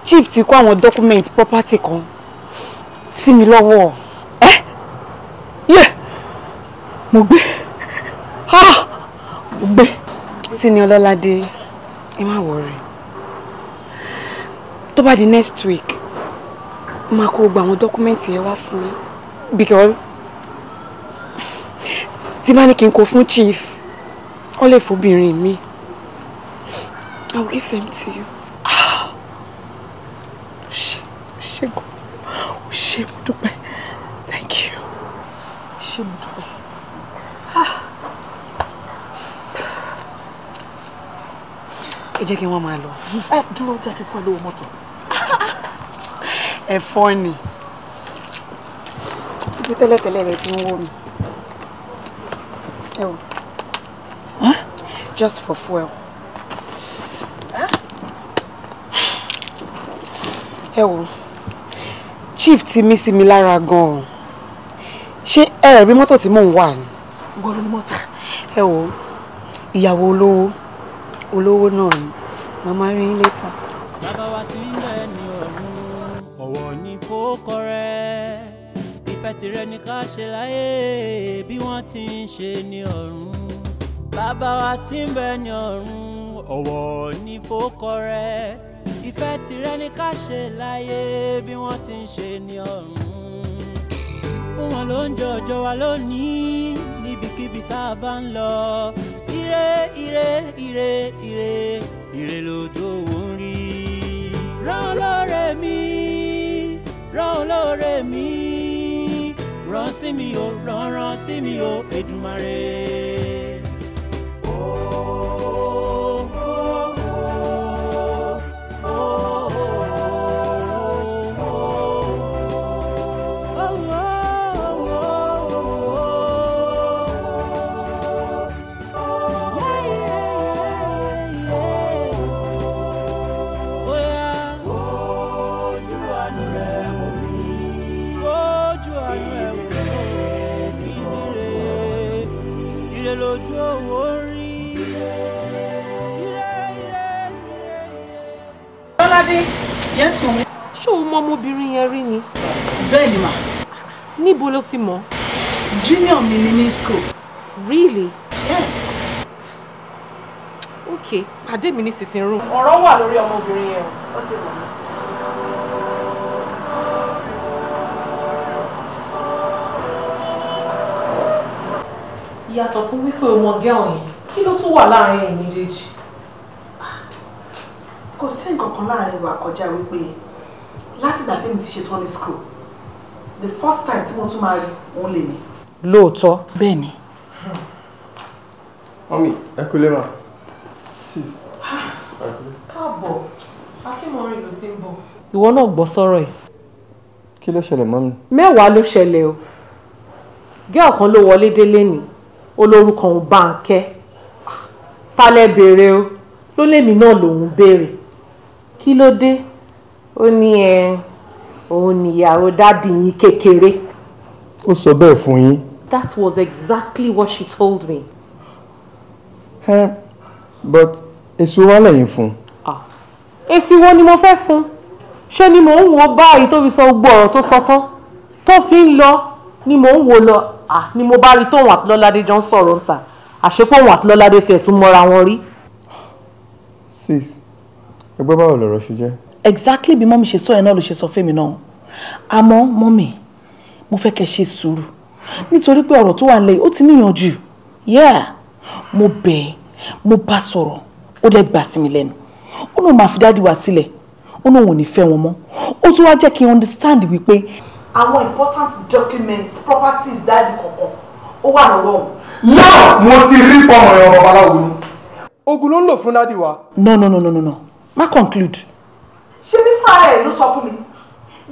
chief ti kó àwọn document property kan sí mi lọ́wọ́ ẹ yẹ mo gbé mo gbé sí ni ọlọ́ládé ẹ má wọrí tó bá di next week máa kó gba àwọn dọ́kúmẹ́ǹtì yẹn wá fún mi because tí bá ní kí n kó chief ó lè fóbìnrin mi i will give them to you. Ah. ṣẹ́gun ó ṣe mo dúpẹ́ thank you ṣe mo dúpẹ́. Ah. ẹ jẹ́ kí wọ́n máa lọ. ẹ dúró jẹ́ kí fún ẹ lówó mọ́tò. ẹ fọ́ ni ojú tẹ́lẹ̀tẹ́lẹ̀ rẹ̀ ti ń wò mí. ẹ just for fuel. ẹ chief ti mí sí mi lára gan-an ṣé ẹ rí mọ́tò tí mò ń wà ni. gbọ́dọ̀ ní mọ́tò. ẹ ìyàwó olówó olówó náà ni màmá rí yín létà. bàbá wa ti ń bẹ́ẹ̀ ni ọ̀run ọ̀wọ̀ ni fòókọ́rẹ́ ti rẹni ká ṣe láyé bí wọ́n ti ń ṣe ní ọ̀run bàbá wa ti ń bẹ ní ọ̀run ọ̀wọ̀ ní fòkọ rẹ ìfẹ́ ti rẹni ká ṣe láyé bí wọ́n ti ń ṣe ní ọ̀run fún wọn ló ń jẹ ọjọ́ wa lónìí níbikíbi tá a bá ń lọ ire ire ire ire ire lójú òun rí rán olóore mi rán olóore mi sí mi o ràn ràn sí mi o Èdùmàrè. yes mommy. ṣé o mọ ọmọbìnrin yẹn rí ni. bẹ́ẹ̀ ni mà. níbo ló ti mọ̀. junior mi ni ní school. really. yes. ok pàdé mi ní sitting room. ọ̀rọ̀ wà lórí ọmọbìnrin yẹn o ó dé wọ̀ mí. yàtọ̀ fún wípé o mọ gẹ́ọ̀ yẹn kí ló tún wà láàrin ẹ̀yin méjèèjì kò sí nǹkan kan láàrin wa kọjá wípé látìgbà tèmi ti ṣetán ní school the first time tí mo tún máa rí òun lè ní. lóòótọ́ bẹ́ẹ̀ ni. mọ́mí ẹ kú lé mà káàbọ̀ akínmọ̀rin ló ti ń bọ̀. ìwọ náà gbọ́ sọ́rọ̀ ẹ̀. kí ló ṣẹlẹ̀ mọ́mí. mẹ́wàá ló ṣẹlẹ̀ o gẹ́ọ̀ kan ló wọlé délé ní olórúkọ òun Bánkẹ́ ta lẹ béèrè o ló lémi náà lòun béèrè kí ló dé ó ní ẹ òun níyàwó dáàdì yín kékeré. ó sọ bẹ́ẹ̀ fún yín. that was exactly what she told me. ẹ but èso wa lẹ́yìn fún. èsì wo ni mo fẹ́ fún ṣé ni mò ń wo báyìí tó fi sọ gbogbo ọ̀rọ̀ tó sọ tán tó fi ń lọ ni mò ń wo lọ ni mo bá rí tóun àti lọ́ládé jọ ń sọ̀rọ̀ ń ta àṣepọ̀ òun àti lọ́ládé tiẹ̀ tún mọ́ra wọn rí. six ẹgbẹ́ báwo lọ̀rọ̀ ṣe jẹ́. exactly bí mọ́mí ṣe sọ yẹn náà ló ṣe sọ fún mi náà àmọ́ mọ́mí mo fẹ́ kẹ́ ṣe sùúrù nítorí pé ọ̀rọ̀ tó wà nílẹ̀ ó ti níyànjú yeah mo bẹ̀ ẹ́ mo bá sọ̀rọ̀ ó dẹ̀ gbà sí mi lẹ́nu ó náà máa fi dáàdi wá sílẹ̀ ó náà ò ní fẹ́ wọn mọ́ ó tún wá jẹ́ kí n understand wípé àwọn important documents properties dáàdi kọ̀ọ̀kan ó wà lọ́wọ́ wọn. náà mo ti rí ọmọ ẹ̀ ọmọ babaláwo ni. oògùn ló ń lò fún dáàdi wa. no no no no no. no má conclude. ṣé bí fúnra ẹ ló sọ fún mi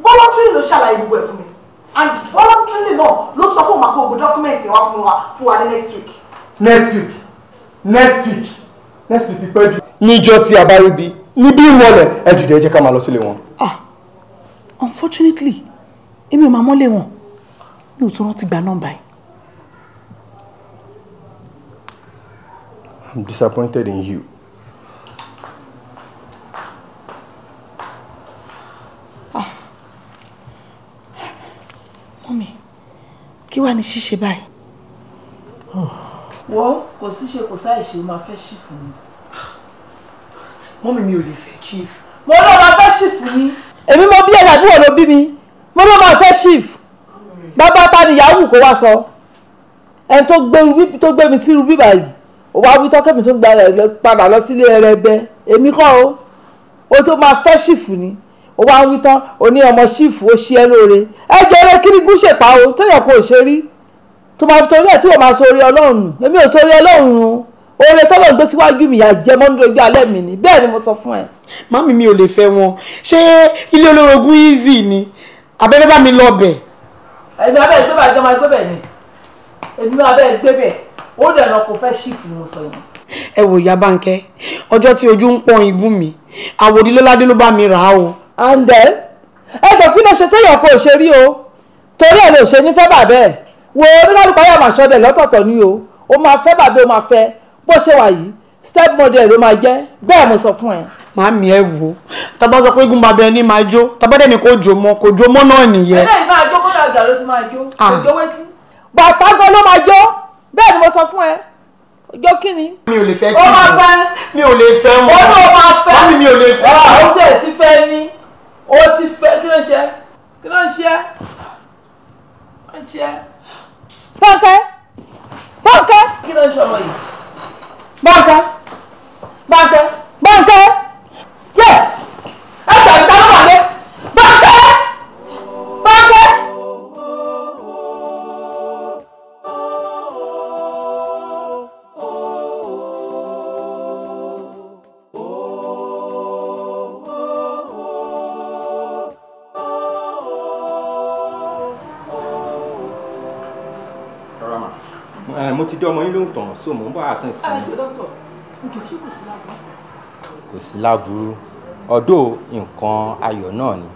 voluntary ló ṣàlàyé gbogbo ẹ fún mi and voluntarily náà ló sọ fún màkó ogun dọ́kúmẹ̀ntì wa fún wa fún wa ní next week. next week next week next week ti pẹ́ jù. níjọ́ tí a bá rí bí níbí ìmọ̀lẹ̀ ẹ dìde ẹ jẹ́ ká máa lọ sílé wọn. ah unfortunately èmi ò máa mọ́lé wọn mi ò tún rántí gba nọ́mbà yìí. I'm disappointed in you. mọ́mì kí wàá ní ṣíṣe báyìí. wọ́n kò síṣe kò sáìṣe máa fẹ́ ṣì fún mi. mọ́mì mi ò lè fẹ́ chief. mo lọ máa fẹ́ ṣì fún mi. èmi mo bí ẹ̀ tàbí wọ́n ló bí mi mo lọ máa fẹ́ chief bàbá ta ni yahoo kó wá sọ ẹni tó gbé tó gbé mi sí irú bíbà yìí ó wá wí tọ́kẹ́ mi tó ń gba padà lọ sílé ẹrẹbẹ èmi kọ́ o ó tó máa fẹ́ ṣì fún ni ó wá ń wí tán ó ní ọmọ ṣífù ó ṣí ẹ lóore ẹ jẹ́ eré kírígún ṣèpá o téèyàn kò ṣe rí tó máa fi torí ẹ̀ tí wọ́n máa sọ orí ọlọ́run èmi ò sọ orí ọlọ́run o oore tọ́lọ̀ ń gbé síwájú mi yàjẹ́ mọ́ndúró gbé alẹ́ mi ni bẹ́ẹ̀ ni mo sọ fún ẹ. mami mi ò lè fẹ́ wọn ṣé ilé olórogún easy ni abẹ́rẹ́ bá mi lọ bẹ̀. ẹ̀mí abẹ́ ìgbé bàjẹ́ máa tó bẹ̀ ni èmi abẹ́ ìgbé bẹ̀ ó dẹ̀ lọ kó fẹ́ ṣífù mo sọ yẹn. ẹ wò ìyá bánkẹ́ ọjọ́ tí ojú ń pọ́n igún mi àwòdì lọ́ládé ló bá mi rà á o and then ẹgbẹ́ kí ló ṣe téèyàn kò ṣe rí o torí ẹ̀ ló ṣe ní fẹ́ bàbẹ́ ẹ̀ wo oníkàlùkọ́ yà máa ṣọdẹ̀ lọ́tọ̀ọ̀tọ̀ ni o o máa fẹ́ bàbẹ́ o máa fẹ́ bó ṣe wà yìí step model ló máa jẹ́ bẹ́ẹ̀ mo sọ fún ẹ. màámi ẹ wo tábà sọ pé eégún bàbá ẹni máa jó tábà dẹ́ni kò jó mọ́ kò jó mọ́ náà nìyẹn. bẹ́ẹ̀ máa jó kọ́nà àgbà ló ti máa jó ah. kò jó wẹ́tí. bàtà gan ló máa jó bẹ́ẹ̀ ni mo sọ fún ẹ jó kí ni. mi ò lè fẹ́ kí ni mi ò lè fẹ́ wọn. ó ló máa fẹ́. mami mi ò lè fẹ́. ọ̀rọ̀ àwọn ṣe ti fẹ́ ní o ti fẹ́ kí ló ń ṣe kí ló ń ṣe ló ń ṣe. Báńkẹ́ Báńkẹ́. kí ló ń ṣe ọmọ yìí. Báńkẹ́ Báńkẹ́ Báńkẹ́ yẹ ẹ tẹ̀ mo ti dé ọmọ yín lóhùn tán so mò ń bọ̀ àtàn sí. àlejò dọ́tọ̀ òkè ṣé kò sí láburú. kò sí láburú ọ̀dọ̀ nǹkan ayọ̀ náà ni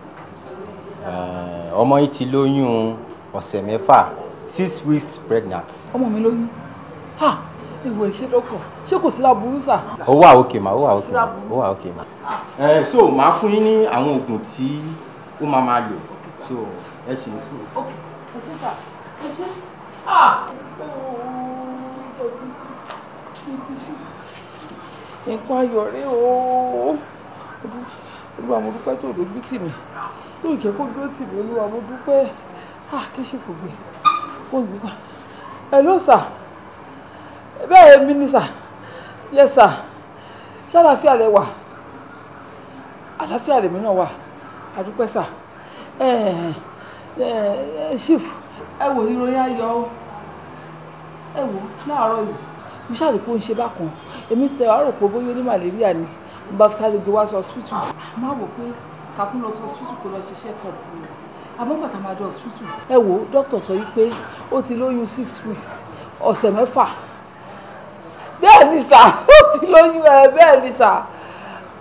ọmọ yín ti lóyún ọ̀sẹ̀ mẹ́fà six weeks pregnant. ọmọ mi lóyún ha ìwọ ìṣe dọ́kọ̀ ṣé kò sí láburú sà. ó wà òkè mà ó wà òkè mà ó wà òkè mà. so màá fún yín ní àwọn oògùn tí ó máa máa lò so ẹ ṣe é fún. ok ẹ ṣe sà ẹ ṣe ah nǹkan ayọ̀ rẹ ooo olúwa mo dúpẹ́ tó ló gbé tì mí tó jẹ́ kó dúró tì mí olúwa mo dúpẹ́ à ah, kí ṣe kò gbé fún ìlú kan hello sir bẹ́ẹ̀ mi ni sir yes sir ṣé àlàáfíà rẹ wà àlàáfíà rẹ mi náà wà a dúpẹ́ sir chief ẹ wò ìròyìn ayọ̀ ẹ wò láàárọ̀ yìí mo ṣàrò pé ó ń ṣe bákan èmi tẹ wàá rò pé bóyá ní màlẹ́ríà ni mo bá fi sáré gbé wá sí ọsibítù. má wò pé kàkún lọ sí ọsibítù kó lọ ṣiṣẹ́ kan fún mi àmọ́ bàtà máa dé ọsibítù. ẹ wo dókítà sọ wípé ó ti lóyún six weeks ọ̀sẹ̀ mẹ́fà bẹ́ẹ̀ ni sà ó ti lóyún ẹ bẹ́ẹ̀ ni sà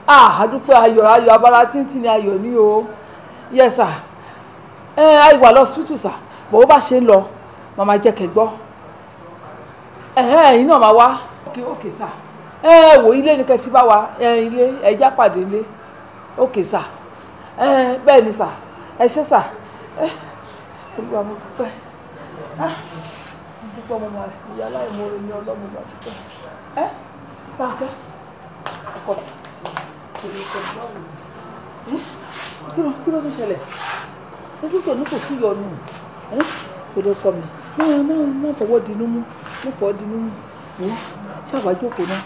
àdúpẹ́ ayọ̀ ayọ̀ abala títí ni ayọ̀ ní o yẹ sà ẹ àìwà lọ ọsibítù sà bọ̀ bó bá ṣe ń lọ màmá jẹ́ kẹ́ ẹ̀hẹ́n iná máa wá. ok ok sà ẹ ẹ wò ilé ni kẹsí bá wa ẹ ilé ẹjá pàdé ilé ok sà ẹ bẹ́ẹ̀ ni sà ẹ ṣé sà ẹ olúwa mo dúpẹ́ ah mo dúpẹ́ ọmọ ọmọ rẹ ìyá aláìmọ orin ni ọlọ́mọ bá dúpẹ́ ẹ báńkẹ́ ọkọ kí ló kí ló tún ṣẹlẹ̀ ojú kò ní kò sí yọnu kò lè kọ mi má fọwọ́ dinú mú má fọwọ́ dinú mú wọ́n ṣàbá jókòó náà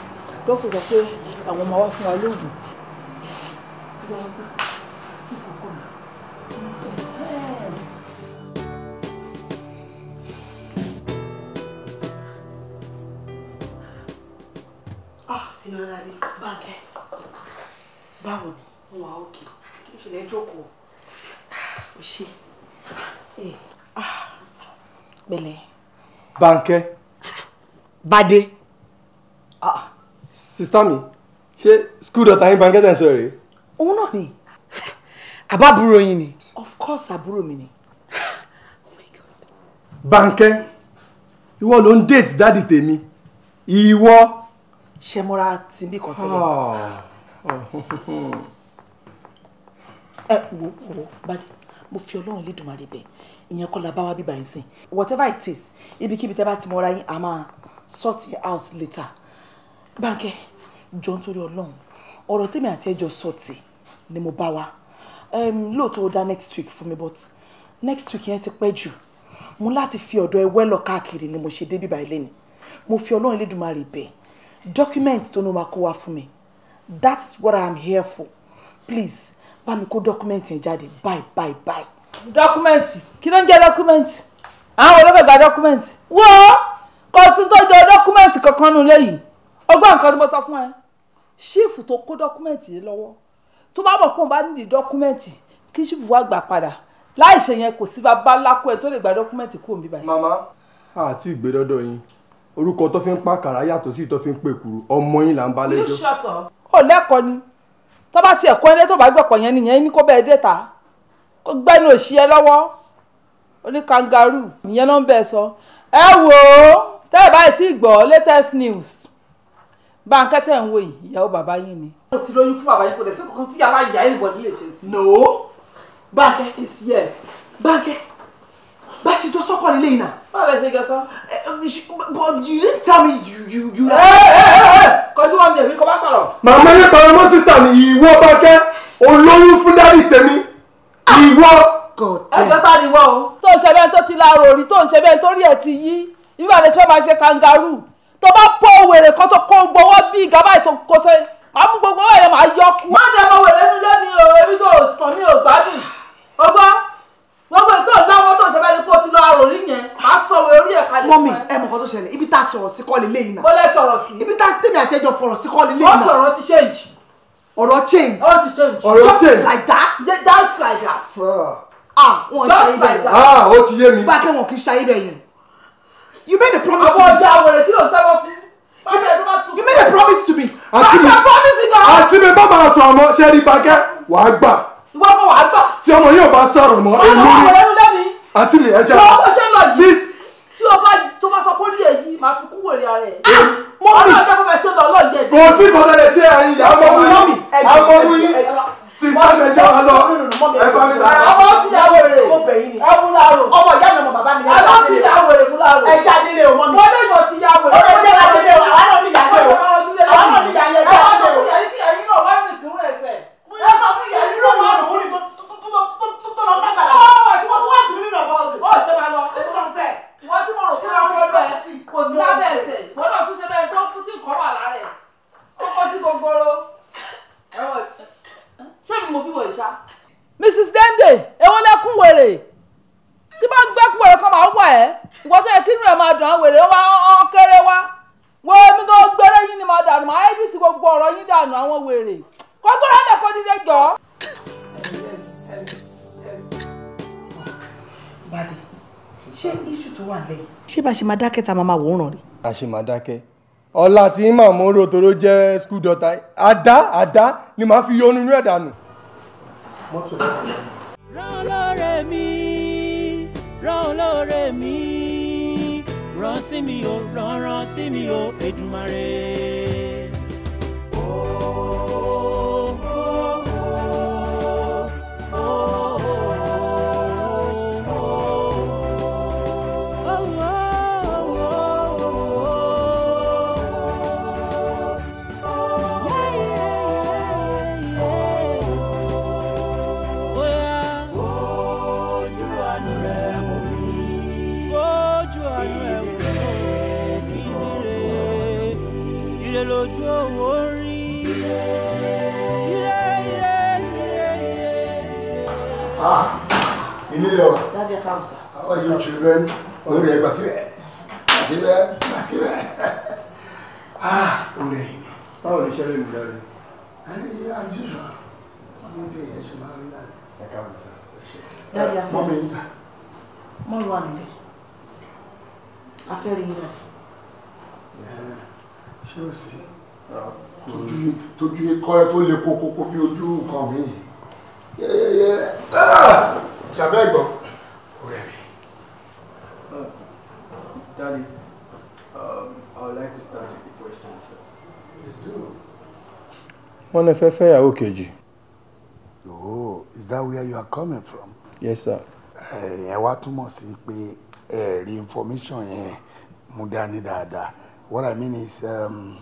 dókítà sọ pé àwọn máa wá fún wa lóògùn. Ah, Tinúládé Bánkẹ́ báwo ni wà ókè kí n ṣe lè jókòó. Ah, ó ṣe. Eh, ah pẹ̀lẹ́. Bánkẹ́. Bádé. Ah, sista mi, ṣé skul dọ̀tà yín Bánkẹ́ tẹ̀ ń sọ rèé? Òun náà ni. Àbá àbúrò yín ni. Of course àbúrò mi ni. Oh my God. Bánkẹ́, ìwọ ló ń date dáàdì tèmi. Ìwọ. Ṣé mo ra tìǹbì kan tẹ́lẹ̀? Ẹ ah. eh, wo wo Bádé, mo fi Ọlọ́run lédùmarè bẹ́ẹ̀ ìyẹn kọ́ la bá wa bíbá yín sìn whatever it is ibikíbi tẹ́ bá ti mọ́ra yín a máa sort it out later Bánkẹ́ jọ nítorí ọlọ́run ọ̀rọ̀ tèmi àti ẹjọ́ sọ̀tì ni mo bá wa lóòótọ́ ó dá next week fún mi but next week yẹn ti pẹ́ jù mo láti fi ọ̀dọ̀ ẹ wẹ́lọ̀ káàkiri ni mo ṣe dé bíbá ilé ni mo fi ọlọ́run Elédùmarè bẹ̀ document tó ní ma kó wa fún mi that's what I am here for please bá mi kó document yẹn jáde bye bye bye dọ́kúmẹ́ǹtì kí ló ń jẹ́ dọ́kúmẹ́ǹtì àwọn olóbẹ̀ gba dọ́kúmẹ́ǹtì wò ó kò sí tó jẹ́ dọ́kúmẹ́ǹtì kankan nù léyìí ọgbọ́n nǹkan tó bọ́ sọ fún ẹ ṣífù tó kó dọ́kúmẹ́ǹtì yìí lọ́wọ́ tó bá mọ̀ pé òun bá nídìí dọ́kúmẹ́ǹtì kí ṣífù wá gbà padà láì ṣe yẹn kò sí bàbá lákú ẹ tó lè gba dọ́kúmẹ́ǹtì kúrò níbí báyìí. màmá àti ìgbé dọ́dọ̀ yín orúkọ tó fi ń pa kàrá yàtọ̀ sí tó fi ń pè kúrú ọmọ yín là ń bá lẹ́jọ́. ó lẹ́kọ̀ọ́ ni tó bá tiẹ̀ kọ́ ẹ lé tó bá gbẹ̀kọ̀ yẹn nìyẹn ní kó bẹ́ẹ̀ dé ta kó gbẹ́nu òṣì ẹ lọ́wọ́ oní kangaroo ìyẹn ló ń bẹ̀ sọ ẹ wò ó tẹ́ ẹ báyìí tí gbọ́ latest news báńkẹ́ tẹ̀ ń wò yìí ìyàwó bàbá yín ni. ó ti lóyún fún bàbá yín kò dẹ̀ kankan tí yàrá ìyá ẹ̀ nìbọn nílé ṣe sí. no báńkẹ́ is yes. báńkẹ́ bá ṣe jọ sọ́kọ̀ nílé yìí náà. báwo lẹ ṣe jọ sọ. but you didn't tell me you you you. ẹ ẹ ẹ kọjú wọn mi èmi kọ bá sọ̀rọ̀. màmá yẹn tọrọ mọ́ sísá mi ìwọ báńkẹ́ olóyún fún dádì tèmi ìwọ kò tẹ. ẹjọ́ ta ni wọ́n o tó ń ṣe bẹ́ẹ̀ tó ti láàárọ̀ orí tó ń ṣe bẹ́ẹ̀ torí ẹ̀ ti yí ìgbà tí wọ́n máa ṣe kangaroo tó bá pọ̀ wèrè kan tó kó gbowó bí ìgbàbá ètò kò sẹ́ máa mú gbogbo owó yẹn máa yọ kú. má dẹ̀ mọ wèrè nínú lé mi o ebi tó sàn mí ò gbádùn ọgbọ́ gbogbo ètò ìnáwó tó ṣe bẹ́ẹ̀ ni kó ti lọ àròrí yẹn máa sọ wẹ orí ẹ̀ kalẹ̀. mọ́mí ẹ mọ̀ kó tó ṣẹlẹ̀ ibi tá a sọ̀rọ̀ sí kọ́ lélẹ́yìn náà. mo lẹ sọ̀rọ̀ sí. ibi tá a tẹ̀mí àtẹ́jọ́ fọ̀rọ̀ sí kọ́ lélẹ́yìn náà. wọ́n tọ̀rọ̀ ti ṣe ìjì ọ̀rọ̀ change ọ̀rọ̀ ti change ọ̀rọ̀ change just like that just like that ah, ah wọn ṣe ayé ah ó ti yé mi bá a kẹ́ wọn kì í ṣe ayé yẹn you made a promise to me àwọn ọjà àwòrán kí ló ń tẹ́wọ́ fún you made a promise to me àti mi àti mi bá máa sọ ọmọ ṣe rí bàkẹ́ wàá gbà ìwọ ọmọ wàá gbà tí ọmọ yóò bá sọ̀rọ̀ mọ́ èmi àti mi ẹja sis tí o bá tó bá sọ pé ó èyí màá fi kún wèrè ara ẹ̀. mo rí ọlọ́run dákọ̀ fẹ́ lọ ọlọ́run jẹ̀bi. kò sí kọ́tà lè ṣe ẹ̀yin ìyá ọmọ wúyí ọmọ wúyí sísá mẹjọ wa lọ ẹgbẹ́ mi náà. ọmọ ti yà wèrè ẹmu ọmọ ìyá mi ọmọ bàbá mi láró. ọmọ ti yà wèrè mu láró. adílé o mi. wọ́n lè ti ìyá wèrè o jẹ́ adílé o. mi ìyá yìí lọ́wọ́ ọkọ bẹ kò sí lábẹ́ ẹsẹ̀ gbọ́dọ̀ tún ṣe bẹ́ẹ̀ tó fún tí nǹkan wà lára ẹ̀ ọkọ sí gogoro ṣé mi mo bí wọ̀ ìṣá. Mrs. Dende èwo lẹkùn wèrè tí bá gbẹ́kùn wèrè kan máa wà ẹ́ ìwọ tó yẹ kí inú rẹ̀ máa dùn án wèrè ó wá ọ́ kéré wá wo èmi kò gbére yín ni máa dànù máa ẹ́dìtì gbogbo ọ̀rọ̀ yín dànù àwọn wèrè kó gbọ́dọ̀ ẹ̀ dídé jọ. Bàdé ṣé iṣu tó wà lẹ́yìn ṣé bá ṣe máa dákẹ́ tá a máa máa wòóràn rẹ̀. a ṣe máa dákẹ́ ọlá tí màmú rotoro jẹ́ school daughter àdá àdá ni màá fi yọnu inú ẹ̀ dànù. ràn lóore mi ràn lóore mi ràn sí mi o ràn ràn sí mi o Èdùmàrè. Ah, Inilewa. Daddy comes. How are you children? Ore Basibe. Basibe, Basibe. Ah, Ore. Báwo ni ṣẹlẹ̀ mi jáde? As usual, ọmọ tẹ ẹ̀yẹ ṣe máa rí dáadé. Ẹ káàbọ̀ sá. Dájú afẹ́. Mọ́mí yín dà. Mọ́mí wà nílé. Afẹ́ rí yín dàdí. Ṣé o sì? Tójú yé kọ́ ẹ tó le kókó bí ojú nǹkan mi yìí yẹ́yẹ́yẹ́ ah! ṣàbẹ́ ẹ̀gbọ́n ọ̀rẹ́ mi. Uh, Daddy, um, I would like to start with a question. Please do. Wọ́n lè fẹ́ fẹ́ ìyàwó kejì. Oh, is that where you are coming from? Yes, sir. Eh, Ẹ̀yẹn wá túmọ̀ sí pé ẹ̀rí information yẹn mú dání dáadáa. What I mean is, um,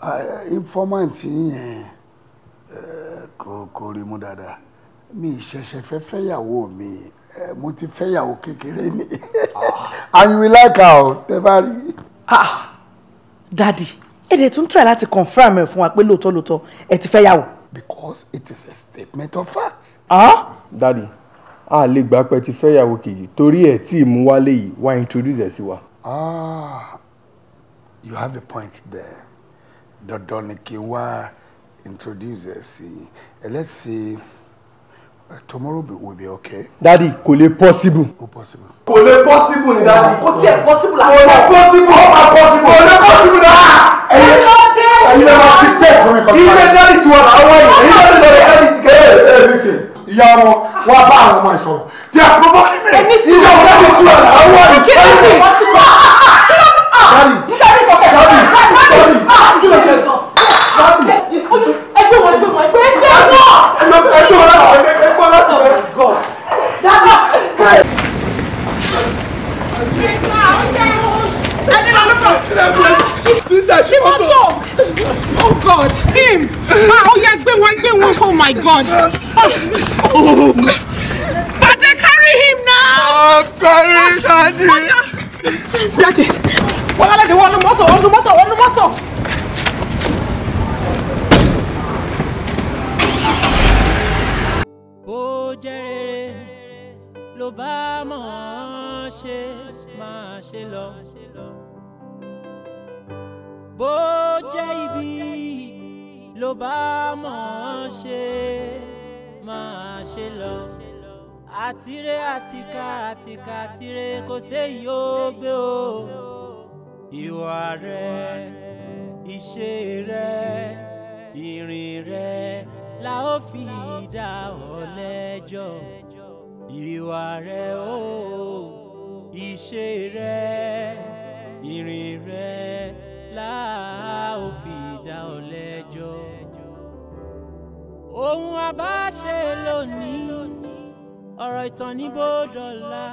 uh, informant yẹn eh, kò kò rí mú dáadáa mi ṣẹ̀ṣẹ̀ fẹ́ fẹ́yàwó mi mo ti fẹ́yàwó kékeré ni and ah. you will like her o tẹ bá rí. Ah, dadi èdè tún try láti confirm ẹ fún wa pé lóòótọ́ lóòótọ́ ẹ ti fẹ́yàwó. because it is a statement of fact. Ah? dadi a lè gbà pé ti fẹ́yàwó kejì torí ẹ̀ tí mú wálé yìí wá introduce ẹ̀ sí wa. ah you have a point there dandan ni kí n wá introduce ẹ sí ẹ let's see. Uh, tomorrow will be okay. Daddy, kò lè possible. Ó possible. Kò lè possible ni daddy. Kò tiẹ̀ possible àti. Kò lè possible. Ó máa possible. Kò lè possible náà. Ẹyin ẹyin lè máa fi tẹ̀ fún mi kan. Ilé daddy ti wà láwọn yìí. Ilé daddy lọ rẹ̀ daddy ti kẹ́. Ẹ ẹ ìyá wọn wá bá àwọn ọmọ ìsọ̀rọ̀. They are provoking me. Ẹni sùn. Ìṣàwọ̀ daddy ti wà láwọn yìí. Kí ló dé? Daddy. won't. Oh my God. Oh. oh. But they carry him now. Oh, carry daddy. Daddy. What are they wọnú mọ́tò, wọnú mọ́tò, wọnú mọ́tò. Ó jẹ́ rere ló bá mọ̀ ọ́n ṣe máa ṣe lọ. Bó ló bá mọ̀ ọ́n ṣe máa ṣe lọ. àtiré àtìká àtìká àtiré kò séyìí ó gbé o ìwà rẹ ìṣe rẹ ìrìn rẹ la ó fi dá ọ lẹ́jọ́ ìwà rẹ o ìṣe rẹ ìrìn rẹ la ó fi dá ọ lẹ́jọ́ ohun àbáṣe lónìí ọ̀rọ̀ ìtàn ní bòdọ̀lá.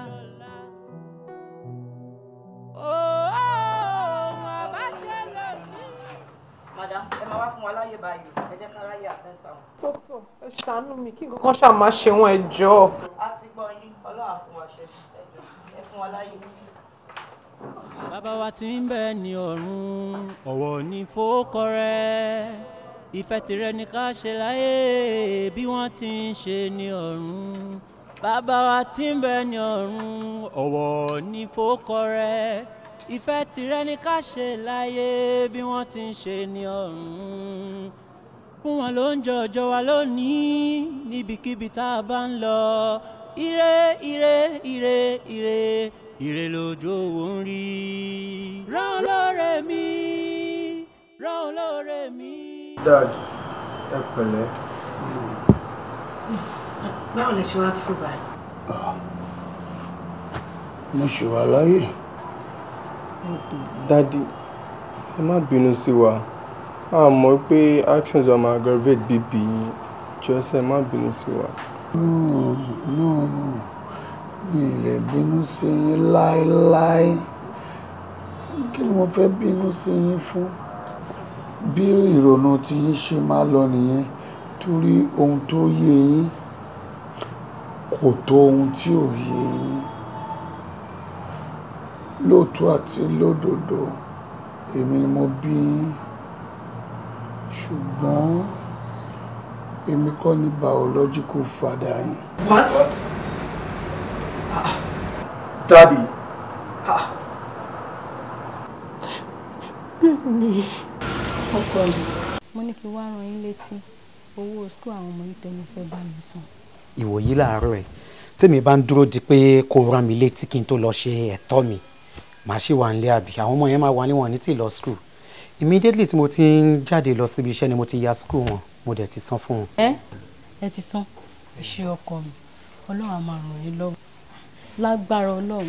madam ẹ máa wá fún wa láyè báyìí ẹ jẹ́ ká ráyè àtẹ́sà wọn. tótó ẹ ṣàánú mi kí nǹkan kan ṣáà máa ṣe wọn ẹ jọ̀ọ́. a ti gbọ́ yín ọlọ́run fún wa ṣe ẹ fún wa láyè. bàbá wa ti ń bẹ ní ọ̀run ọ̀wọ̀ ní fòkọrẹ́ ìfẹ́ tìrẹ ni ká ṣe láyé bí wọ́n ti ń ṣe ní ọ̀run bàbá wa ti ń bẹ ní ọ̀run ọ̀wọ̀ ní fòkọ rẹ ìfẹ́ tìrẹ ni ká ṣe láyé bí wọ́n ti ń ṣe ní ọ̀run fún wọn ló ń jọ ọjọ́ wa lónìí níbikíbi tá a bá ń lọ ire ire ire ire ire lójú òwò ń rí rán olóore mi rán olóore mi dad ẹ pẹ̀lẹ́. báwo lẹ ṣe wá fún báyìí. Ah, mo ṣì wà láyé. dadi ẹ má bínú sí wa a mọ̀ pé actions wa máa aggravate bíbí yín jọ́sẹ̀ ẹ má bínú sí wa. no no mi ì lè bínú sí yín láéláé kí ni mo fẹ́ bínú sí yín fún bí ìrònú tí yín ṣe máa lọ nìyẹn torí ohun tó yé yín kò tó ohun tí ò yé yín lóòótọ́ àti lódodo èmi ni mo bí yín ṣùgbọ́n èmi kọ́ ni biological father yín. what? Ah, ah. Daddy. ní kí wá rán yín létí owó school àwọn ọmọ yìí tẹ́lẹ̀ fẹ́ bá mi san. ìwòyí làárọ̀ ẹ̀ tèmi bá ń dúró di pé kó rán mi létí kí n tó lọ ṣe ẹ̀tọ́ mi màá sì wà nílé àbí àwọn ọmọ yẹn máa wà níwọ̀n ní tí lọ school immediately tí mo ti ń jáde lọ síbi iṣẹ́ ni mo ti ya school wọn mo dẹ̀ ti san fún wọn. ẹ ẹ ti san iṣẹ́ ọkọ mi ọlọ́run á ràn yín lọ́wọ́ lágbára ọlọ́run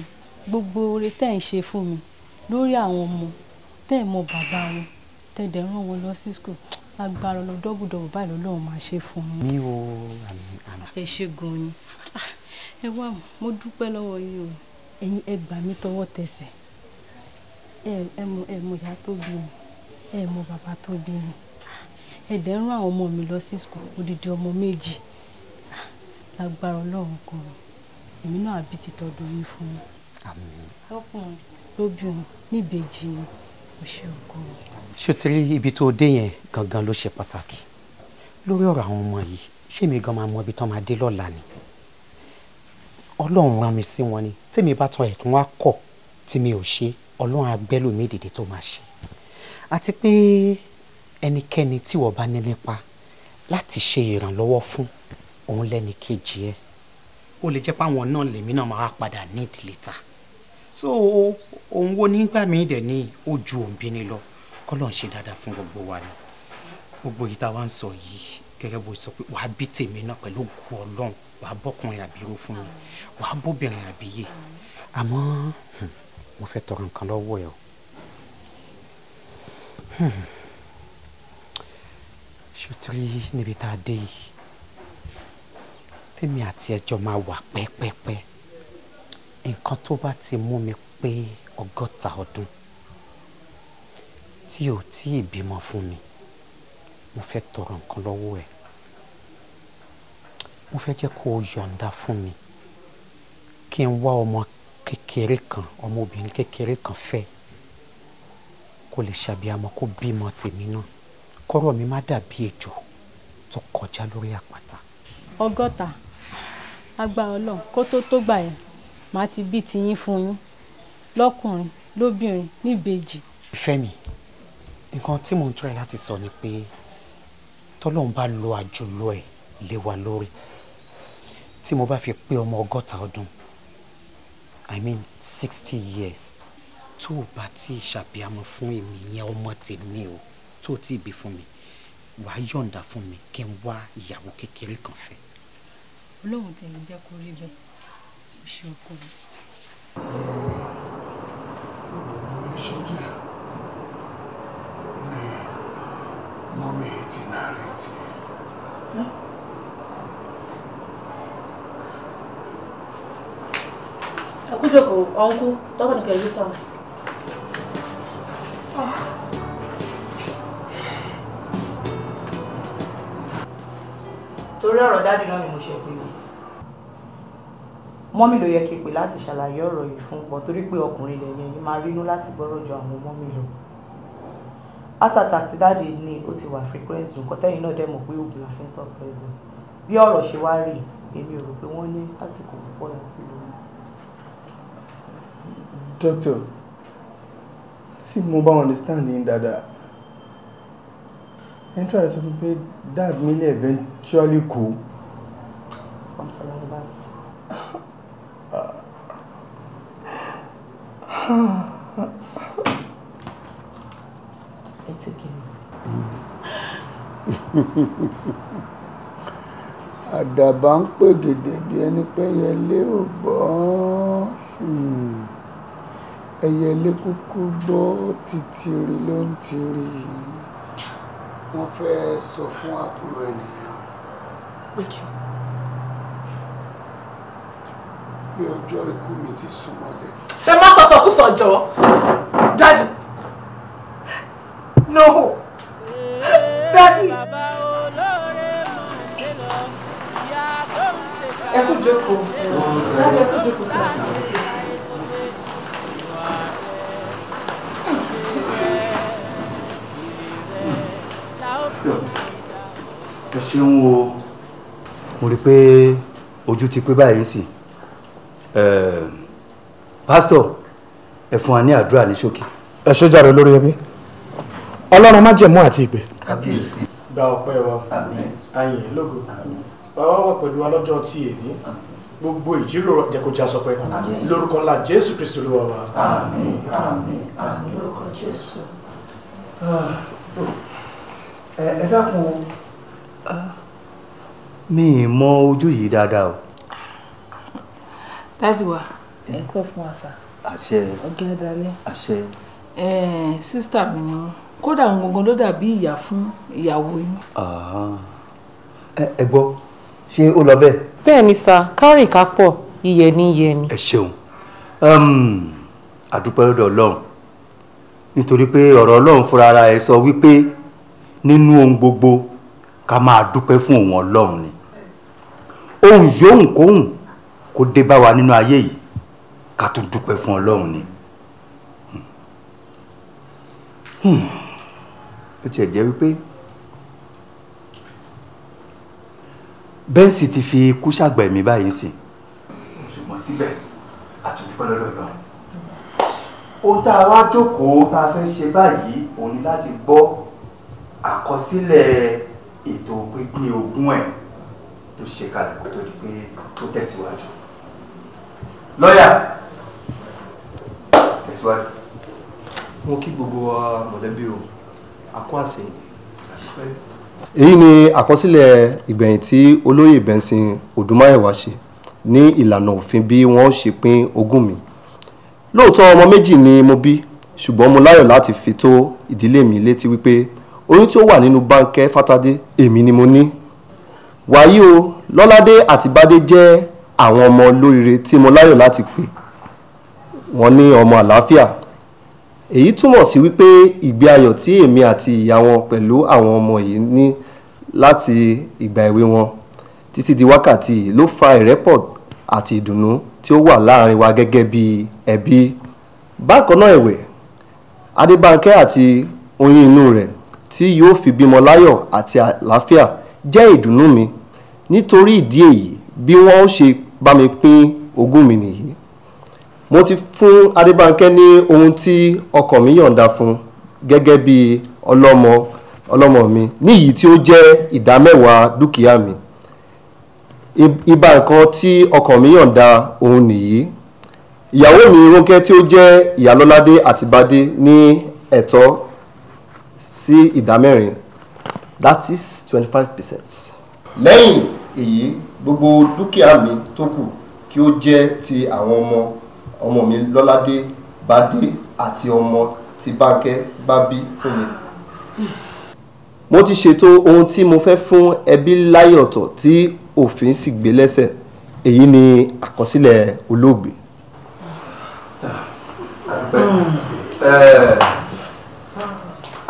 gbogbo oore tẹ́ ẹ̀ ń ṣe fún mi lórí àwọn ọmọ tẹ́ ẹ̀ mọ bàbá wọn tẹ́ ẹ̀ dẹ̀ rán wọn lọ sí school lágbára lọ dọ́bù dọ́bù báyìí lọ́lọ́run máa ṣe fún mi. mi ò àmì àmà. ẹ ṣe gan ni ah, ẹ wá mo dúpẹ́ lọ́wọ́ yín o ẹ̀yin ẹ gbà mí tọwọ́ tẹsẹ̀ ẹ ẹ mọ ẹ mọ ìyá tó bí mi ẹ mọ bàbá tó bí mi ah, ẹ dẹ̀ ń rán àwọn ọmọ mi lọ sí skul odidi ọmọ méjì ah, lágbára ọlọ́run kan èmi náà àbí ti tọdọ yín fún mi. àmín. ọkùnrin lóbìnrin níbejì ni mo ṣe ọkọ rẹ ṣé o ti rí ibi tó dé yẹn gangan ló ṣe pàtàkì lórí ọ̀rọ̀ àwọn ọmọ yìí ṣé mi gan máa mọ ibi tán máa dé lọ́la ni ọlọ́run rán mi sí wọn ni tèmi bá tọ ẹ̀kún wá kọ̀ tí mi ò ṣe ọlọ́run agbẹ́lòmí dìde tó máa ṣe àti pé ẹnikẹ́ni tí wọ́n bá ní nípa láti ṣe ìrànlọ́wọ́ fún òun lẹ́ni kejì ẹ̀ ó lè jẹ́ pé àwọn náà lèmi náà máa padà ní ìdílé ta so òun wo nígbà míì dẹ̀ ní ojú òǹbí ni lọ kọ́lọ́n ṣe dáadáa fún gbogbo wa ni gbogbo yìí tá a wá ń sọ yìí gẹ́gẹ́ bó sọ pé wàá bí tèmi náà pẹ̀lú òkú ọlọ́run wàá bọ́kùnrin àbíró fún mi wàá bóbìnrin àbíyè àmọ́ hmm, mo fẹ́ tọrọ nǹkan lọ́wọ́ ẹ o hmm. ṣùtúrí níbi tá a dé yìí tèmi àti ẹjọ́ máa wà pẹ́pẹ́pẹ́ nǹkan tó bá ti mú mi pé ọgọ́ta ọdún tí ò tí ì bímọ fún mi mo fẹ́ tọrọ nǹkan lọ́wọ́ ẹ̀ mo fẹ́ jẹ́ kó o yọ̀ǹda fún mi kí n wá ọmọ kékeré kan ọmọbìnrin kékeré kan fẹ́ kó lè ṣàbíamọ kó bímọ tèmi náà kọ́rọ̀ mi má dàbí ejò tó kọjá lórí àpáta. ọgọ́ta agbára ọlọ́run kó tó tó gbà yẹn màá ti bí tiyín fún yín lọ́kùnrin lóbìnrin níbejì. ìfẹ́ mi nǹkan tí mò ń tọ́ra láti sọ ni pé tọ́lọ́run bá lo àjùlọ ẹ̀ lé wa lórí tí mo bá fi pé ọmọ ọgọ́ta ọdún i mean sixty years tó o bá ti ṣàbíamọ fún èmi yẹn ọmọ tèmi o tó o ti bí fún mi wàá yọ̀ǹda fún mi kí n wá ìyàwó kékeré kan fẹ́. olóhùn tèmi jẹ́ kó rí bẹ́ẹ̀ ó ṣe ọkọ mi. ọ̀rọ̀ ìṣèjọba. Mommy hates it, narrate. Huh? Akujoko, uncle, talk to your son. Torí ọ̀rọ̀ dájú náà ni mo ṣe pé mọ́mí ló yẹ kí n pè láti ṣàlàyé ọ̀rọ̀ yìí fún ọ torí pé ọkùnrin lẹ̀yìn yìí máa rínú láti gbọ́rọ̀ ju heart attack ti dáàdi ni ó ti wà frequent nǹkan tẹ́yìn náà dẹ̀ mọ̀ pé oògùn la fi ń suppressing bí ọ̀rọ̀ ṣe wá rí èmi ò rò pé wọ́n ní àsìkò púpọ̀ láti lóyún. doctor tí mo bá understand yín dáadáa ẹni tí wàá sọ fún mi pé dad mi lè eventually kú. something like that. Ah. àdàbà ń pè gèdè bí ẹni pé ẹyẹlé ò gbọ́ hmm. ẹyẹlé kúkú gbọ́ títìrì ló ń tìrì wọ́n fẹ́ sọ fún àbúrò ènìyàn pé ọjọ́ ikú mi ti súnmọ́lẹ̀. ẹ má sọ sọkúsọ jọ dájú no dájú. ẹ kú jókòó lábẹ́ kú jókòó sí àná. ẹ ṣeun o mo rí i pé ojú ti pé báyìí sí pásítọ̀ ẹ fún wa ní àdúrà ní ṣókí. ẹ ṣe jàre lórí ẹbí ọlọ́run má jẹ̀mú àti ìpè kábíyèsí. gba ọpẹ́ wa ayìn lógo bàbá wà pẹ̀lú alọ́jọ́ tí èmi gbogbo ìjíròrò jẹkọjá sọ pé lórúkọ ńlá jésù kristu ló wà wá. àmín àmín àmín lórúkọ jésù. Ah, ẹ dákun mi ì mọ ojú yìí dáadáa o. dájú wa ẹ eh. kọ́ fún àṣà àṣẹ ọ̀gá ìdálẹ́ àṣẹ eh, sísítà mi ni wọ́n kódà gbọ̀ngàn ló dàbí ìyá fún ìyàwó yín. ẹ gbọ́ ṣé ó lọ bẹ́ẹ̀. bẹ́ẹ̀ ni sà kárì ká pọ̀ iyẹ̀ ní iyẹ̀ ni. ẹ ṣeun àdúpẹ́ lọ́dọ̀ ọlọ́run nítorí pé ọ̀rọ̀ ọlọ́run fúnra ara ẹ sọ wípé nínú ohun gbogbo ká máa dúpẹ́ fún òun ọlọ́run ni ohun yòówù kóhùn kó dé bá wa nínú ayé yìí ká tún dúpẹ́ fún ọlọ́run ni. Hmm. hmm ó tiẹ̀ jẹ́ wípé bẹ́ǹsì ti fi ikú ṣàgbà ẹ̀mí báyìí sí. ṣùgbọ́n síbẹ̀ àtúntúpẹ́ lọ́dọ̀ náà ó tá a wá jókòó tá a fẹ́ ṣe báyìí òun ni láti gbọ́ àkọsílẹ̀ ètò pínpín ogún ẹ̀ tó ṣe kalẹ̀ kó tó di pé ó tẹ̀síwájú lọ́yà tẹ̀síwájú. mo kí gbogbo wa mọ̀lẹ́bí o àkọ́àṣe. èyí ni àkọsílẹ̀ ìgbẹ̀yìn tí olóyè Benson Odùmáyẹ̀wá ṣe ní ìlànà òfin bí wọ́n ṣe pín ogún mi lóòótọ́ ọmọ méjì ni mo bí ṣùgbọ́n mo láyọ̀ láti fi tó ìdílé mi létí wípé oyún tí ó wà nínú Bánkẹ́ Fátádé èmi ni mo ní wàyí o Lọ́ládé àti Bádé jẹ́ àwọn ọmọ olóríire tí mo láyọ̀ láti pè wọ́n ní ọmọ àlàáfíà èyí túmọ̀ sí wípé ìgbé ayọ̀ tí èmi àti ìyá wọn pẹ̀lú àwọn ọmọ yìí ní láti ìgbà èwe wọn títí di wákàtí yìí ló fa ìrẹ́pọ̀ àti ìdùnnú tí ó wà láàrin wa gẹ́gẹ́ bí ẹbí bákan náà ẹ̀wẹ̀ adébánkẹ́ àti oyún inú rẹ̀ tí yóò fi bímọ láyọ̀ àti àlàáfíà jẹ́ ìdùnnú mi nítorí ìdí èyí bí wọ́n ṣe bá mi pín ogún mi nìyí mo ti fún Adébánkẹ́ ní ohun tí ọkàn mi yọ̀ǹda fún gẹ́gẹ́ bí ọlọ́mọ ọlọ́mọ mi níyìí tí ó jẹ́ ìdá mẹ́wàá dúkìá mi ìbá nǹkan tí ọkàn mi yọ̀ǹda òun nìyí ìyàwó mi Rónkẹ́ tí ó jẹ́ Ìyálọ́ládé Àtibádé ní ẹ̀tọ́ sí ìdá mẹ́rin that is twenty five percent. lẹ́yìn èyí gbogbo dúkìá mi tó kù kí ó jẹ́ ti àwọn ọmọ ọmọ mi lọ́ládé bàdé àti ọmọ tí bánkẹ́ bá bí fún mi. mo ti ṣètò ohun tí mo fẹ́ fún ẹbí láyé ọ̀tọ̀ tí òfin sì gbé lẹ́sẹ̀ èyí ni àkọsílẹ̀ olóògbé.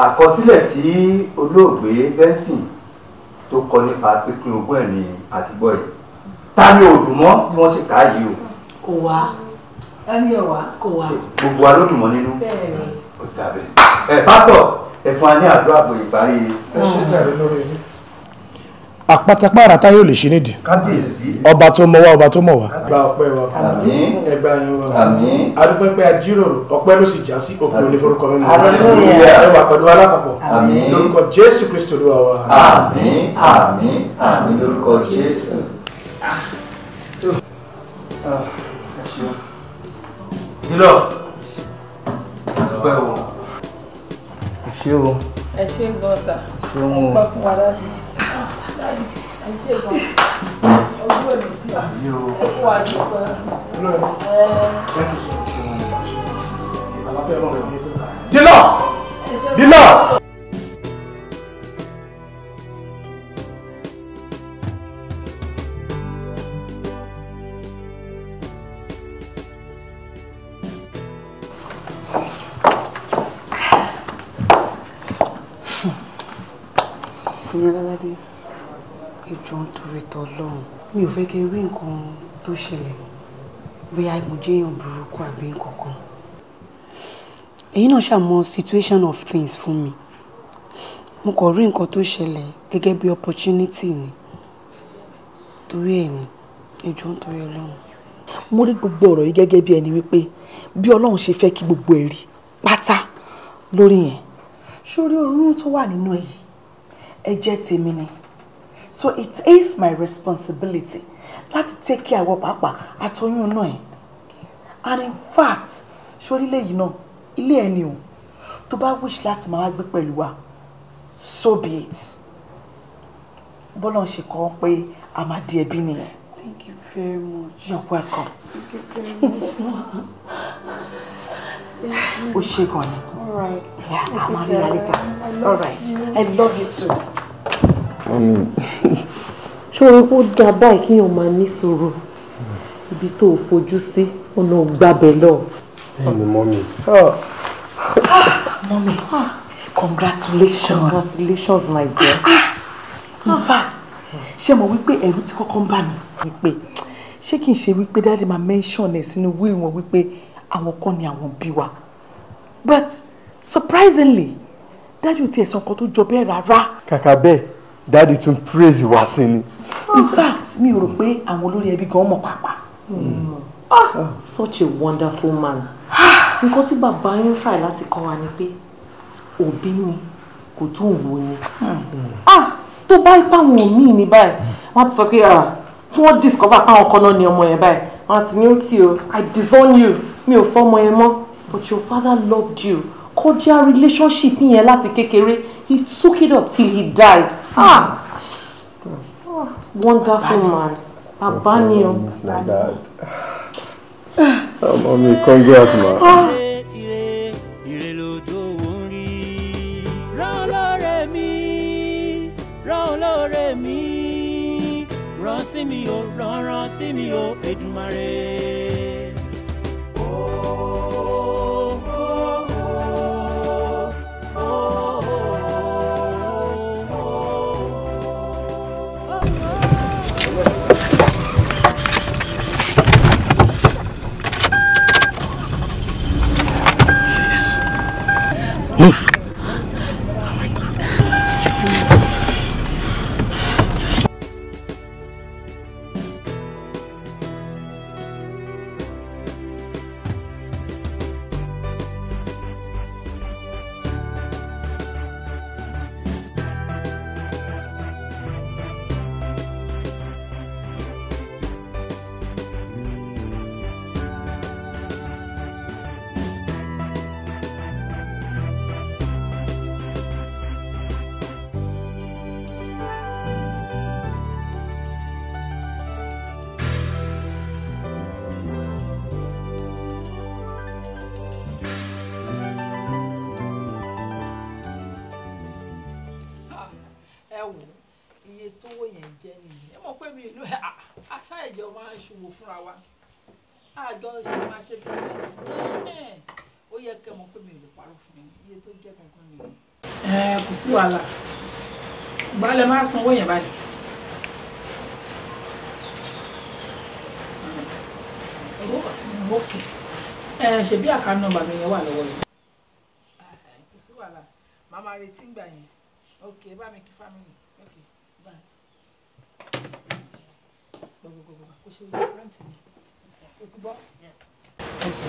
àkọsílẹ̀ tí olóògbé Benson tó kọ nípa pínpín ogún ẹ̀ ní àtìgbọ́ yìí ta ni òdùmọ́ bí wọ́n ṣe kà á yìí o. kò wá ẹni ò wá. kò wá. gbogbo wa ló dùn mọ́ nínú. bẹ́ẹ̀ni. ó ti dàbẹ̀. ẹ pásítọ̀ ẹ fún wa ní àdúrà àbò ìparí. ẹ ṣe jàre lórí mi. àpàtàpá àràtà yóò lè ṣe nídìí. kábíyèsí. ọba tó mọ wá ọba tó mọ wá. gba ọpẹ́ wa àmín ẹgbà yẹn wa àmín adúpẹ́ pé a jíròrò ọpẹ́ ló sì já sí òkè òní forúkọ mímu. ẹ wà pẹ̀lú alápapọ̀ lórúkọ jésù kristu olúwa wa. àmín àmín àmín lórúkọ jésù. Ah. ah sílọ dúpẹ́ o. ẹ ṣé o. ẹ ṣé gan sà. ṣé o mú o. ọgbà fún wa ah, ẹ ṣé gan ọgbọ́n mi ìyẹn lọ́ládé ìjọ ń torí tọ́ lọ́hùn mi ò fẹ́ kẹ́ rí nǹkan tó ṣẹlẹ̀ bóyá mo jẹ́yàn burúkú àbí nǹkan kan náà ṣàmọ situation of things fún mi mo kàn rí nǹkan tó ṣẹlẹ̀ gẹ́gẹ́ bí opportunity ni torí ẹ̀ ni ìjọ ń torí ọlọ́run. mo rí gbogbo ọ̀rọ̀ yìí gẹ́gẹ́ bí ẹni wípé bí ọlọ́run ṣe fẹ́ kí gbogbo ẹ̀ rí pátá lórí yẹn sórí orun tó wà nínú èyí ẹ̀jẹ̀ tèmi ni so it is my responsibility láti take care àwọ̀ pàápàá àtọyún náà ẹ̀ and in fact sórílẹ̀ yìí náà ilé ẹni o To bá wish láti máa gbé pẹ̀lú wa so be it bọ́lá ń ṣe kọ́ pé a máa di ẹbí nìyẹn. Thank you very much. You're welcome. Thank you very much. ó ṣe gan ni a máa ríra níta all right i love you too. ṣé orí kó dáa báyìí kíyàn máa ní sùúrù ibi tó foju si sí ọ̀nà gbàbẹ̀ lọ. bẹ́ẹ̀ni mọ́mí. mommy. congratulations. congratulations my dear. Ah, ah. in fact ṣé mo wípé ẹ̀rù ti kọ́kọ́ ń bà mí. wípé ṣé kí n ṣe wípé dáadé máa mention ẹ̀ sínú wíìlì wọn wípé àwọn kan ni àwọn bí wa but surprisingly dájú tiẹ̀ sọ nǹkan tó jọ bẹ́ẹ̀ rárá. kàkà bẹ́ẹ̀ dáàdi tún praise wá sí ni. in fact mi ò rò pé àwọn olórí ẹbí gan mọ̀ pàápàá. Hmm. Ah! such a wonderful man. Ah! nǹkan tí bàbá yín fà láti kọ́ wa ni pé òbí ni kò tó òwò ni. Hmm. Ah! tó bá ipá wọn míì ní báyìí wọ́n ti sọ pé tí wọ́n discover pé àwọn kan náà ni ọmọ yẹn báyìí wọ́n ti ní ó tì o i disown you mi ò fọmọ ẹ mọ́ but your father loved you cordial relationship yẹn láti kékeré he took it up till he died ah wonderful man bàbá ni o. ọmọ mi congrats ma. Ah! olóore mi sí mi o rán rán sí mi o Èdùmàrè. Oof. inú ẹ àṣà ìjọ máa ń ṣòwò fúnra wa àjọ ṣe máa ṣe bísíǹsì ó yẹ kẹ́ mọ̀ pé mi ò lè parọ́ fún mi iye tó jẹ́ kankan nìyẹn. ẹ kò sí wàhálà gbalẹ̀ máa sanwó yẹn báyìí. ṣe bí àkànnà bàmí yẹn wà lọ́wọ́ yìí. kò sí wàhálà màmá retí ń yẹn ok bá mi kí fámìlì.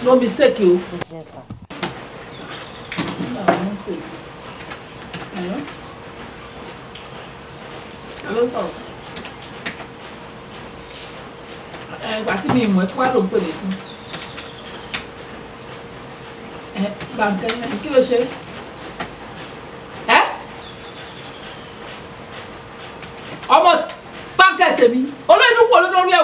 no mistake you. Yes, sir. Hello, sir. Ẹgbà eh, tí mi mọ̀ ẹ́ kí wá ló ń pè mí a Ẹ Eh? náà kí ló me. Ẹ eh? ọmọ báńkẹ́ tèmi olóyún kú olódó orí ẹ̀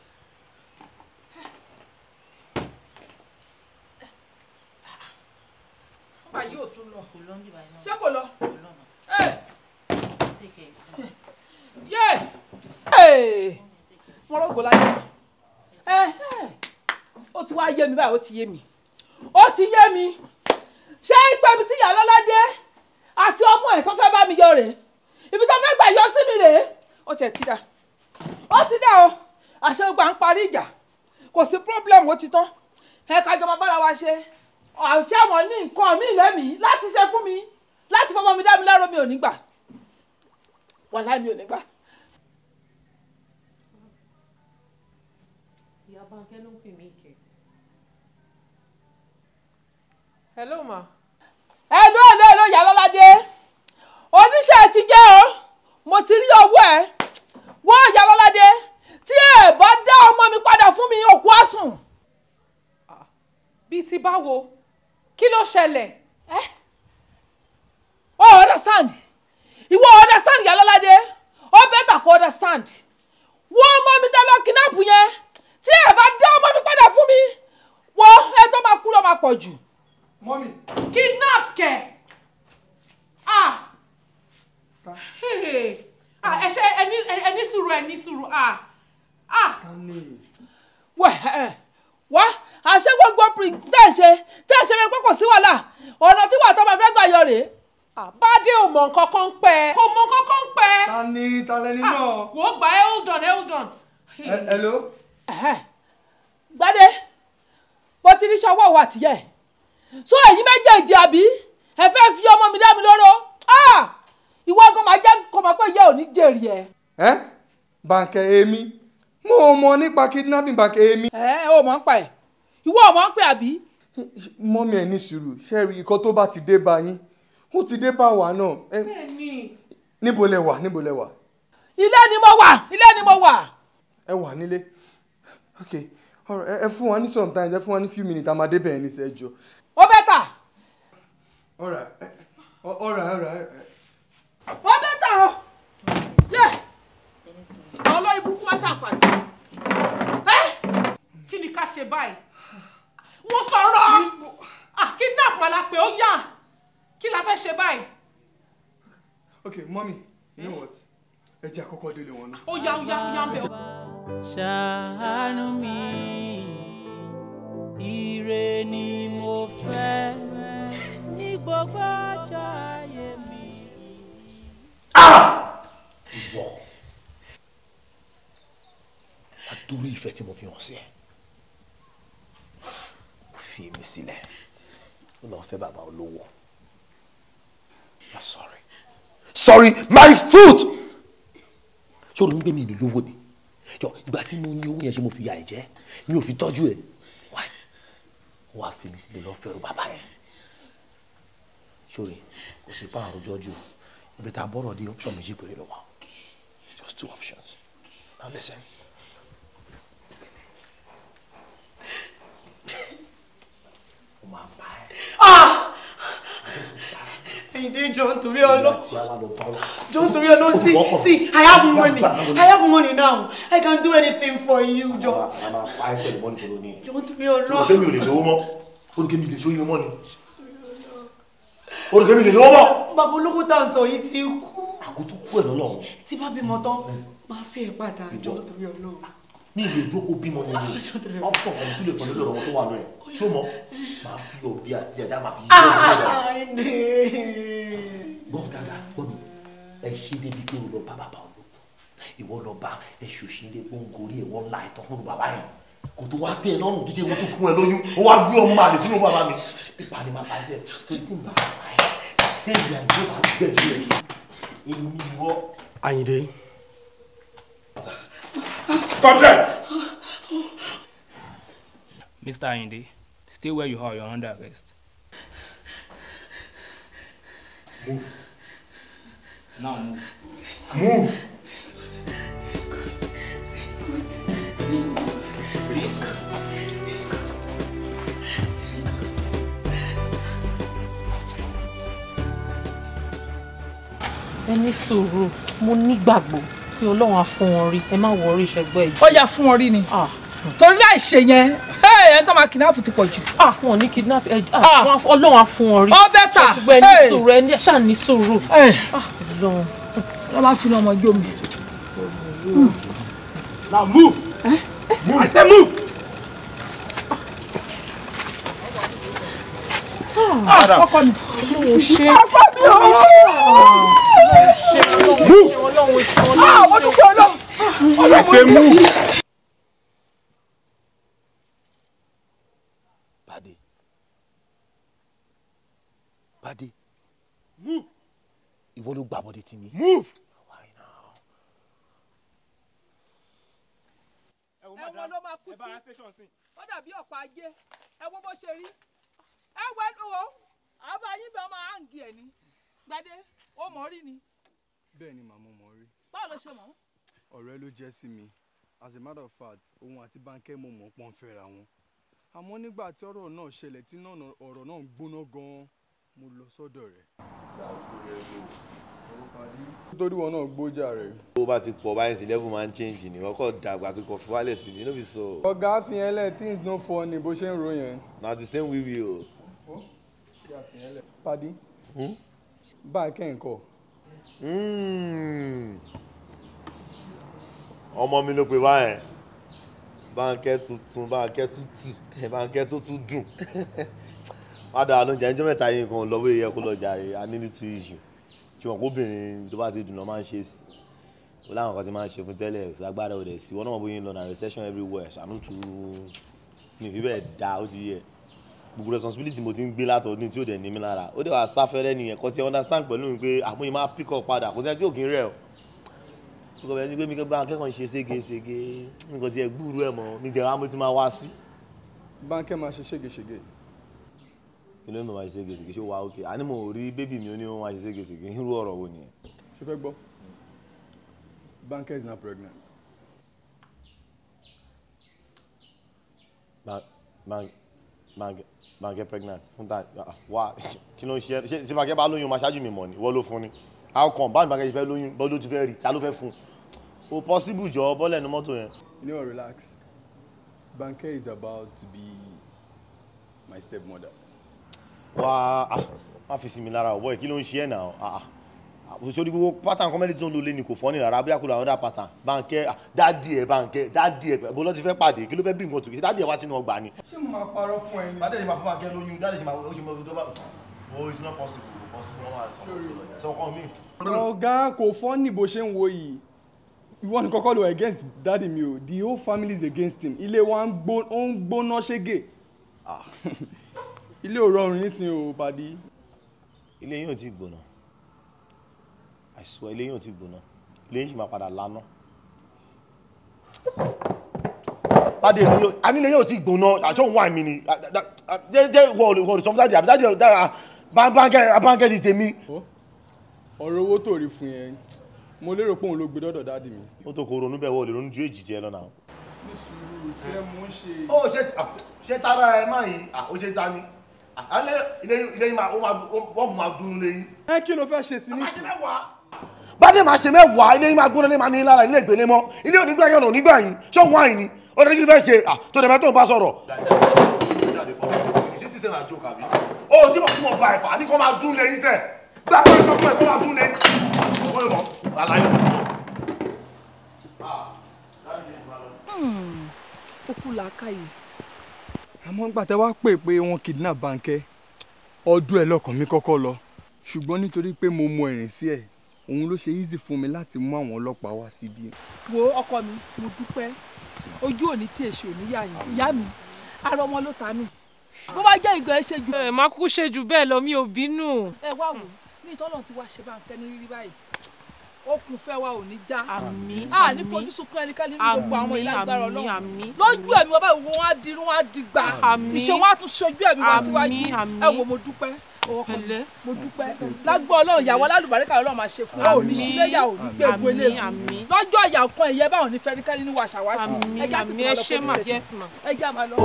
pa yóò tún lọ ṣé kò lọ. mo rògbò láyé ó ti wá yé mi báyìí ó ti yé mi ó ti yé mi ṣé ìpẹ́bi tí ìyá lọ́ládé àti ọmọ ẹ̀ tó fẹ́ bá mi yọ rèé ibi tó fẹ́ gbà yọ sí mi rèé ó tiẹ̀ ti dà ó ti dà o àṣẹ gbà ń parí ìjà kò sí problem ó ti tán ẹ̀ka ìjọba bára wa ṣe àṣẹ wọn ní nǹkan mi lẹ́mìí láti ṣe fún mi láti fọwọ́ mi dá mi mi ò ní gbà wàhálà mi ò ní gbà. hello ma. ẹ̀dùn ọ̀dọ́ ló yà lọ́ládé oníṣẹ́ ti jẹ́ o mo ti rí ọwọ́ ẹ̀ wọ́n yà lọ́ládé tí ẹ bá dá ọmọ mi padà fún mi òkú àsùn. Ah, bíi ti báwo kí ló ṣẹlẹ̀ ẹ́ eh? ọ oh, understand ìwọ understand yàlọ́ládé ó bẹ́tà kó understand wọ́n ọmọ mi tẹ́ lọ kidnap yẹn tí ẹ bá dá ọmọ mi padà fún mi wọ́n ẹ tó máa kú ló máa pọ̀ jù. mọ́mì. kidnap kẹ̀ ah. ah ẹ ṣe ẹ ní sùúrù ẹ ní sùúrù ah ah wẹ́ ẹ eh, wá àṣẹ gbogbo tẹ́ ẹ ṣe tẹ́ ẹ ṣe fẹ́ pọ́pọ̀ sí wàhálà ọ̀nà tí wàá tọ́ ma fẹ́ gbà yọ rèé. àbádé ò mọ nǹkan kan pẹ́ kò mọ nǹkan kan pẹ́. ta ni ta lẹni ah, náà. wò ó gbà ẹ hold on hold on. hello. gbadé bó ti ní sọ́wọ́ òun àtìyẹ́ ẹ̀ so èyí méjèèjì àbí ẹ fẹ́ fi ọmọ mi dá mi lóró ah! ìwọ kan máa jẹ́ kó máa pé ìyá ò ní jèrè ẹ. ẹ bàǹkẹ́ èmi mo mọ nípa kidnapping bàǹkẹ́ èmi. ẹ ò mọ̀ ń pa ẹ̀ ìwọ ọmọ ń pè àbí. mọ́mí ẹ̀ ní sùúrù ṣẹ́ẹ̀rì ikọ́ tó bá ti dé bá yín ó ti dé bá wa náà. bẹ́ẹ̀ni. níbo lẹ wà níbo lẹ wà. ilé ni mo wà ilé ni mo wà. ẹ wà nílé ok ẹ fún wa ní sometimes ẹ fún wa ní few minutes a máa dé bẹ̀rẹ̀ ní sẹ́jọ. ó bẹ́ tà. ọ̀rà ọ̀rà ọ̀rà. ó bẹ́ tà o yẹ ọlọ́ ibùkún wá ṣàǹfààní. kí ni ká ṣe báyìí mo sọ̀rọ̀ kidnap wà lápẹ̀ ó yà kí la fẹ́ ṣe báyìí. ok mọ́mí you know what ẹ jẹ́ àkọ́kọ́ délé wọn náà. ó yá ó yá ó yá ń bẹ̀. ṣàánú mi ire ni mo fẹ́ ní gbogbo ọjọ́ ayé mi. ìwọ adúrú ìfẹ́ tí mo fi hàn sí ẹ fi èmi sílẹ̀ ó lọ fẹ́ bàbá olówó sorry sorry my foot ṣòro ń gbé mi ìlú lówó ni jọ ìgbà tí mo ní owó yẹn ṣe mo fi yà ẹ jẹ mi ò fi tọ́jú ẹ wá wá fi mi sílẹ̀ lọ fẹ́rù bàbá rẹ ṣòro kò sí pààrọ̀ jọjú ibi tá di option méjì péré ló just two options now listen. máa ah! pa ẹ́. Ẹ̀yìndé jọ nítorí ọlọ́ jọ nítorí ọlọ́ sí sí I have money I have money now I can do anything for you jọ. Àwọn máa pa ẹ́ pẹ̀lú mọ́nì tó ló ní. Jọ nítorí ọlọ́. Ṣé mi ò lè lówó mọ́? Ó ní kí mi lè ṣó yín mọ́ ni. Ó ní kí mi lè lówó mọ́. Bàbá olówó tá à ń sọ yìí ti kú. Àkótó kú ẹ̀ lọ́lọ́run. Tí bá bímọ tán, máa fẹ́ ẹ̀ padà jọ nítorí ọlọ́run. Ah, mi lè jókòó bímọ nínú ọ̀pọ̀ kan tó lè fọlẹ́ sọ̀rọ̀ wọn tó wà lóyún ṣó mọ máa fi ọ̀bí àti ẹ̀dá máa fi yí ah, gbọ́n dada gbọ́n mi ẹ ṣe débi pé o lọ bá bàbá olóko ìwọ lọ bá ẹ ṣòṣì ilé pé ń gorí ńlá ìtàn fún bàbá yẹn kò tó wá tẹ ẹ lọ́rùn tó jẹ́ mo tó fún ẹ lóyún ó wá gbé ọmọ àlè sínú bàbá mi ipa ni màá bá sẹ tó dín bàbá ẹ fẹ́ ìyá ìjọba àgbẹ̀dì Stop that! Mr. Indy, stay where you are. You're under arrest. Move. Now move. Move! Ẹ ní sùúrù, mo nígbàgbọ́ pé ọlọ́run á fún wọn rí ẹ má wọrí ìṣẹ́gbọ́ ẹ̀jẹ̀. ó yá fún wọn rí ni ah. torí láì ṣe yẹn ẹ ń tọ́ ma kidnap ti pọ̀ jù. Ah, wọn ò ní kidnap ẹ ah, ọlọ́run á fún wọn rí. ó bẹ́ ta ṣùgbọ́n ẹ ní sùúrù ẹ ní ṣáà ní sùúrù. wọ́n máa fi ọmọ jó mi. now move. Eh? move. I say move. Ah, ọkọ mi move, ṣe ah, ọkọ mi ò ṣe move, ah, ṣe ọlọ́run ṣe mú. pàdé pàdé ìwọ ló gbàmọ́dé tì mí. move. ẹ̀wọ̀n ló máa kú sí ó dàbí ọ̀pá ajé ẹ̀wọ̀n bó ṣe rí ẹ wẹ o àbá yín bẹ ọmọ àǹgì ẹ ní gbadé ó mọ rí ni. bẹ́ẹ̀ ni màmú mọ rí. báwo ló ṣe mọ̀. ọ̀rẹ́ ló jẹ́ sí mi as a matter of fact òun àti Bánkẹ́ mo mọ̀ pọ́n fẹ́ra wọn àmọ́ nígbà tí ọ̀rọ̀ náà ṣẹlẹ̀ tí ọ̀rọ̀ náà ń gbóná gan-an mo lọ sọ́dọ̀ rẹ̀. nítorí wọn náà gbójà rẹ̀. tó bá ti pọ̀ báyìí sí level máa ń change ni wọ́n kọ́ dàgbà àti kọ̀ fún wálẹ̀ sí mi ló fi sọ. ọ̀gá fi ẹlẹ́ things no funny bó ṣe ń ro yẹn. na the same way we o padi hmm? bá a kẹ́ ǹkọ́. Hmm. ọmọ mi ló pe báyẹn báńkẹ́ tuntun báńkẹ́ tútù báńkẹ́ tútù dùn padà lóúnjẹ ẹjọ́ mẹ́ta yìí kan lọ́wọ́ èyẹ kó lọ jàre i need to issue ṣùgbọ́n kóbìnrin tó bá ti dùn lọ́ máa ń ṣe sí o láwọn kan ti máa ń ṣe fún tẹ́lẹ̀ ìsagbára ò dẹ̀ sí wọn náà bóyá ń lọ na recession everywhere ṣàánú tù ú ní ìfibẹ̀ dá ó ti yẹ. gbogbo responsibility mo ti ń gbé látọdún ti o de ní mi lára ó dẹ̀ wá sáfẹ́rẹ́ nìyẹn kò sí understand pẹ̀lú mi pé àmúyẹ máa pick up padà kò o gbogbo ẹni pé mi kẹ́ bá akẹ́kọ̀ọ́ ń ṣe ségesège nǹkan ẹ gbúrú ẹ̀ mọ́ mi tẹ̀ wá mo ti máa wá sí. báńkẹ́ máa ṣe ségesège. ilé mi máa ṣe ségesège ṣé mi ó ní máa ṣe ségesège irú ṣe fẹ́ gbọ́ is not pregnant. máa get pregnant fún ta wá kí ló ń ṣe ṣe ṣe máa get bá lóyún mi mọ̀ ni ìwọ ló fún ni how come báwo ni máa get ṣe fẹ́ lóyún ti fẹ́ rí ta ló fẹ́ fún o possible jọ bọ́lẹ̀ ní mọ́tò yẹn. you know relax Banke is about to be my stepmother. wá a ah, má fi sinmi lára ọ̀bọ̀ yìí kí ló ń ṣe ẹ̀ sori gbogbo pattern comedy tó ń lo lé ni kò fọ́ ni rárá bí akúlọ̀ àwọn dá pattern báńkẹ́ ah, dáàdì ẹ̀ báńkẹ́ dáàdì ẹ̀ bó lọ́ ti fẹ́ pàdé kí ló fẹ́ bí nǹkan tòkè dáàdì ẹ̀ wá sínú ọgbà ni. ṣé mo máa parọ́ fún ẹ ni. bàtẹ́ ṣe máa fún bàkẹ́ lóyún dáàdì ṣe máa ó ṣe máa tó it's not possible possible wọn wà sọkọ mi. ọ̀gá kò fọ́ ni bó ṣe ń wo yìí ìwọ ni kọ́kọ́ lo against daddy. mi o the whole family is against him ilé wa ń gbóná ṣégè ah, ilé ò rọrùn nísìnyí o pàdé. ilé yóò ti gbóná àìsùn eléyìí ò ti gbóná eléyìí sì máa padà lánà pàdé mi àní lẹ́yìn ò ti gbóná àjọ òun wà mí ni jẹ́ wọ́ọ̀lù wọ́ọ̀lù sọ́mú sáàdì àbíjáde dára báńkẹ́ ti tèmi. ọ̀rọ̀ owó tó rí fún yẹn mo lérò pé òun ló gbé dọ́dọ̀ dáàdì mi. ó tó kó ronú bẹ́ẹ̀ wọ́ọ̀lù ronú ju èjì jẹ lọ́nà ní sùúrù tí ẹ mú ṣe. ó ṣe ṣe tara ẹ máa yìí ó ṣe ta ni alẹ́ ilé yìí wọ́n máa dún lé yín. ẹ kí ló fẹ́ ṣe sí nísìnyí. àti mẹ́wàá bàdé máa ṣe mẹ́wàá ilé yín máa gbóná ilé máa ní lára ilé ìgbélé mọ́ ilé onígbà yẹn ọ̀nà onígbà yín ṣé wọ́n àyìn ni ó dẹ́gbẹ́ fẹ́ ṣe ah, tó dẹ̀ ń bá sọ̀rọ̀. o ti mọ̀ fún ọba ẹ̀fà ní kò máa dún lé yín sẹ́ pé kò fún ẹ̀ kò máa dún lé okú la ká yìí. àmọ́ nígbà tẹ́ wá pè pé wọ́n kidnap Bánkẹ́ ọdún ẹ̀ lọ́kàn mi kọ́kọ́ lọ ṣùgbọ́n nítorí pé mo mọ ẹ̀rìn sí ẹ̀ òun ló ṣe easy fún mi láti mú àwọn ọlọ́pàá wá síbí. wo ọkọ mi mo dúpẹ́ ojú òní tí èṣù òní yà yín ìyá mi ara ọmọ ló ta mí bó bá jẹ́ ìgàn ẹ ṣe jù. ẹ má kúkú ṣe jù bẹ́ẹ̀ lọ mi ò bínú. ẹ wá wò ní ìtọ́lọ̀ tí wàá ṣe bá ń tẹ́ ní rírí báyìí okùn fẹ́ wa ò ní já àmín a ní fojú sunkún ẹnikẹ́ni ní gbogbo àwọn ìlágbára ọlọ́run lójú ẹ̀mí wọn báyìí wọn á di irun wọn á di gbà ìṣe wọn á tún ṣojú ẹ̀mí wọn síwájú ẹ wò mo dúpẹ́ pẹ̀lẹ́ mo dúpẹ́ lágbó ọlọ́run ìyàwó alálùbáríkà ọlọ́run máa ṣe fún wa ò ní sílé yà ò ní gbé egbò eléyìí lọ́jọ́ ìyà kan ẹ̀yẹ bá ò ní fẹ́ ẹnikẹ́ni ní wàṣàwátì ẹjá tuntun lọ́kọ́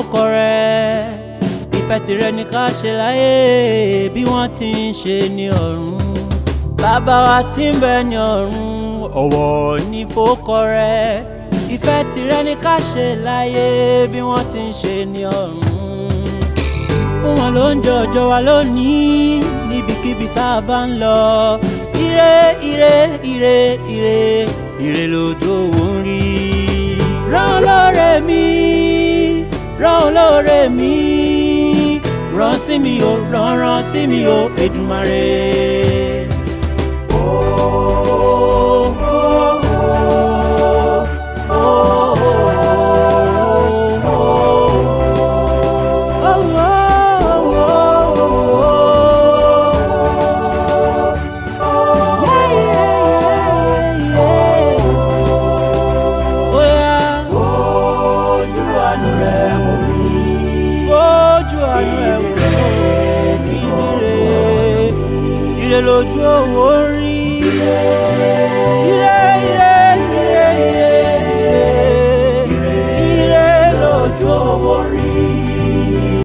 orúkọ rẹ ìfẹ́ tìrẹ ni ká ṣe láyé bí wọ́n ti ń ṣe ní ọ̀run bàbá wa ti ń bẹ ní ọ̀run ọ̀wọ̀ ní fòkọ ìfẹ́ tìrẹ ni ká ṣe láyé bí wọ́n ti ń ṣe ní ọ̀run fún wọn ló ń jẹ ọjọ́ wa lónìí níbikíbi tá a bá ń lọ ire ire ire ire ire lójú òun rí rán lọ́rẹ́ mi rán olóore mi rán sí mi o rán rán sí mi o Èdùmàrè.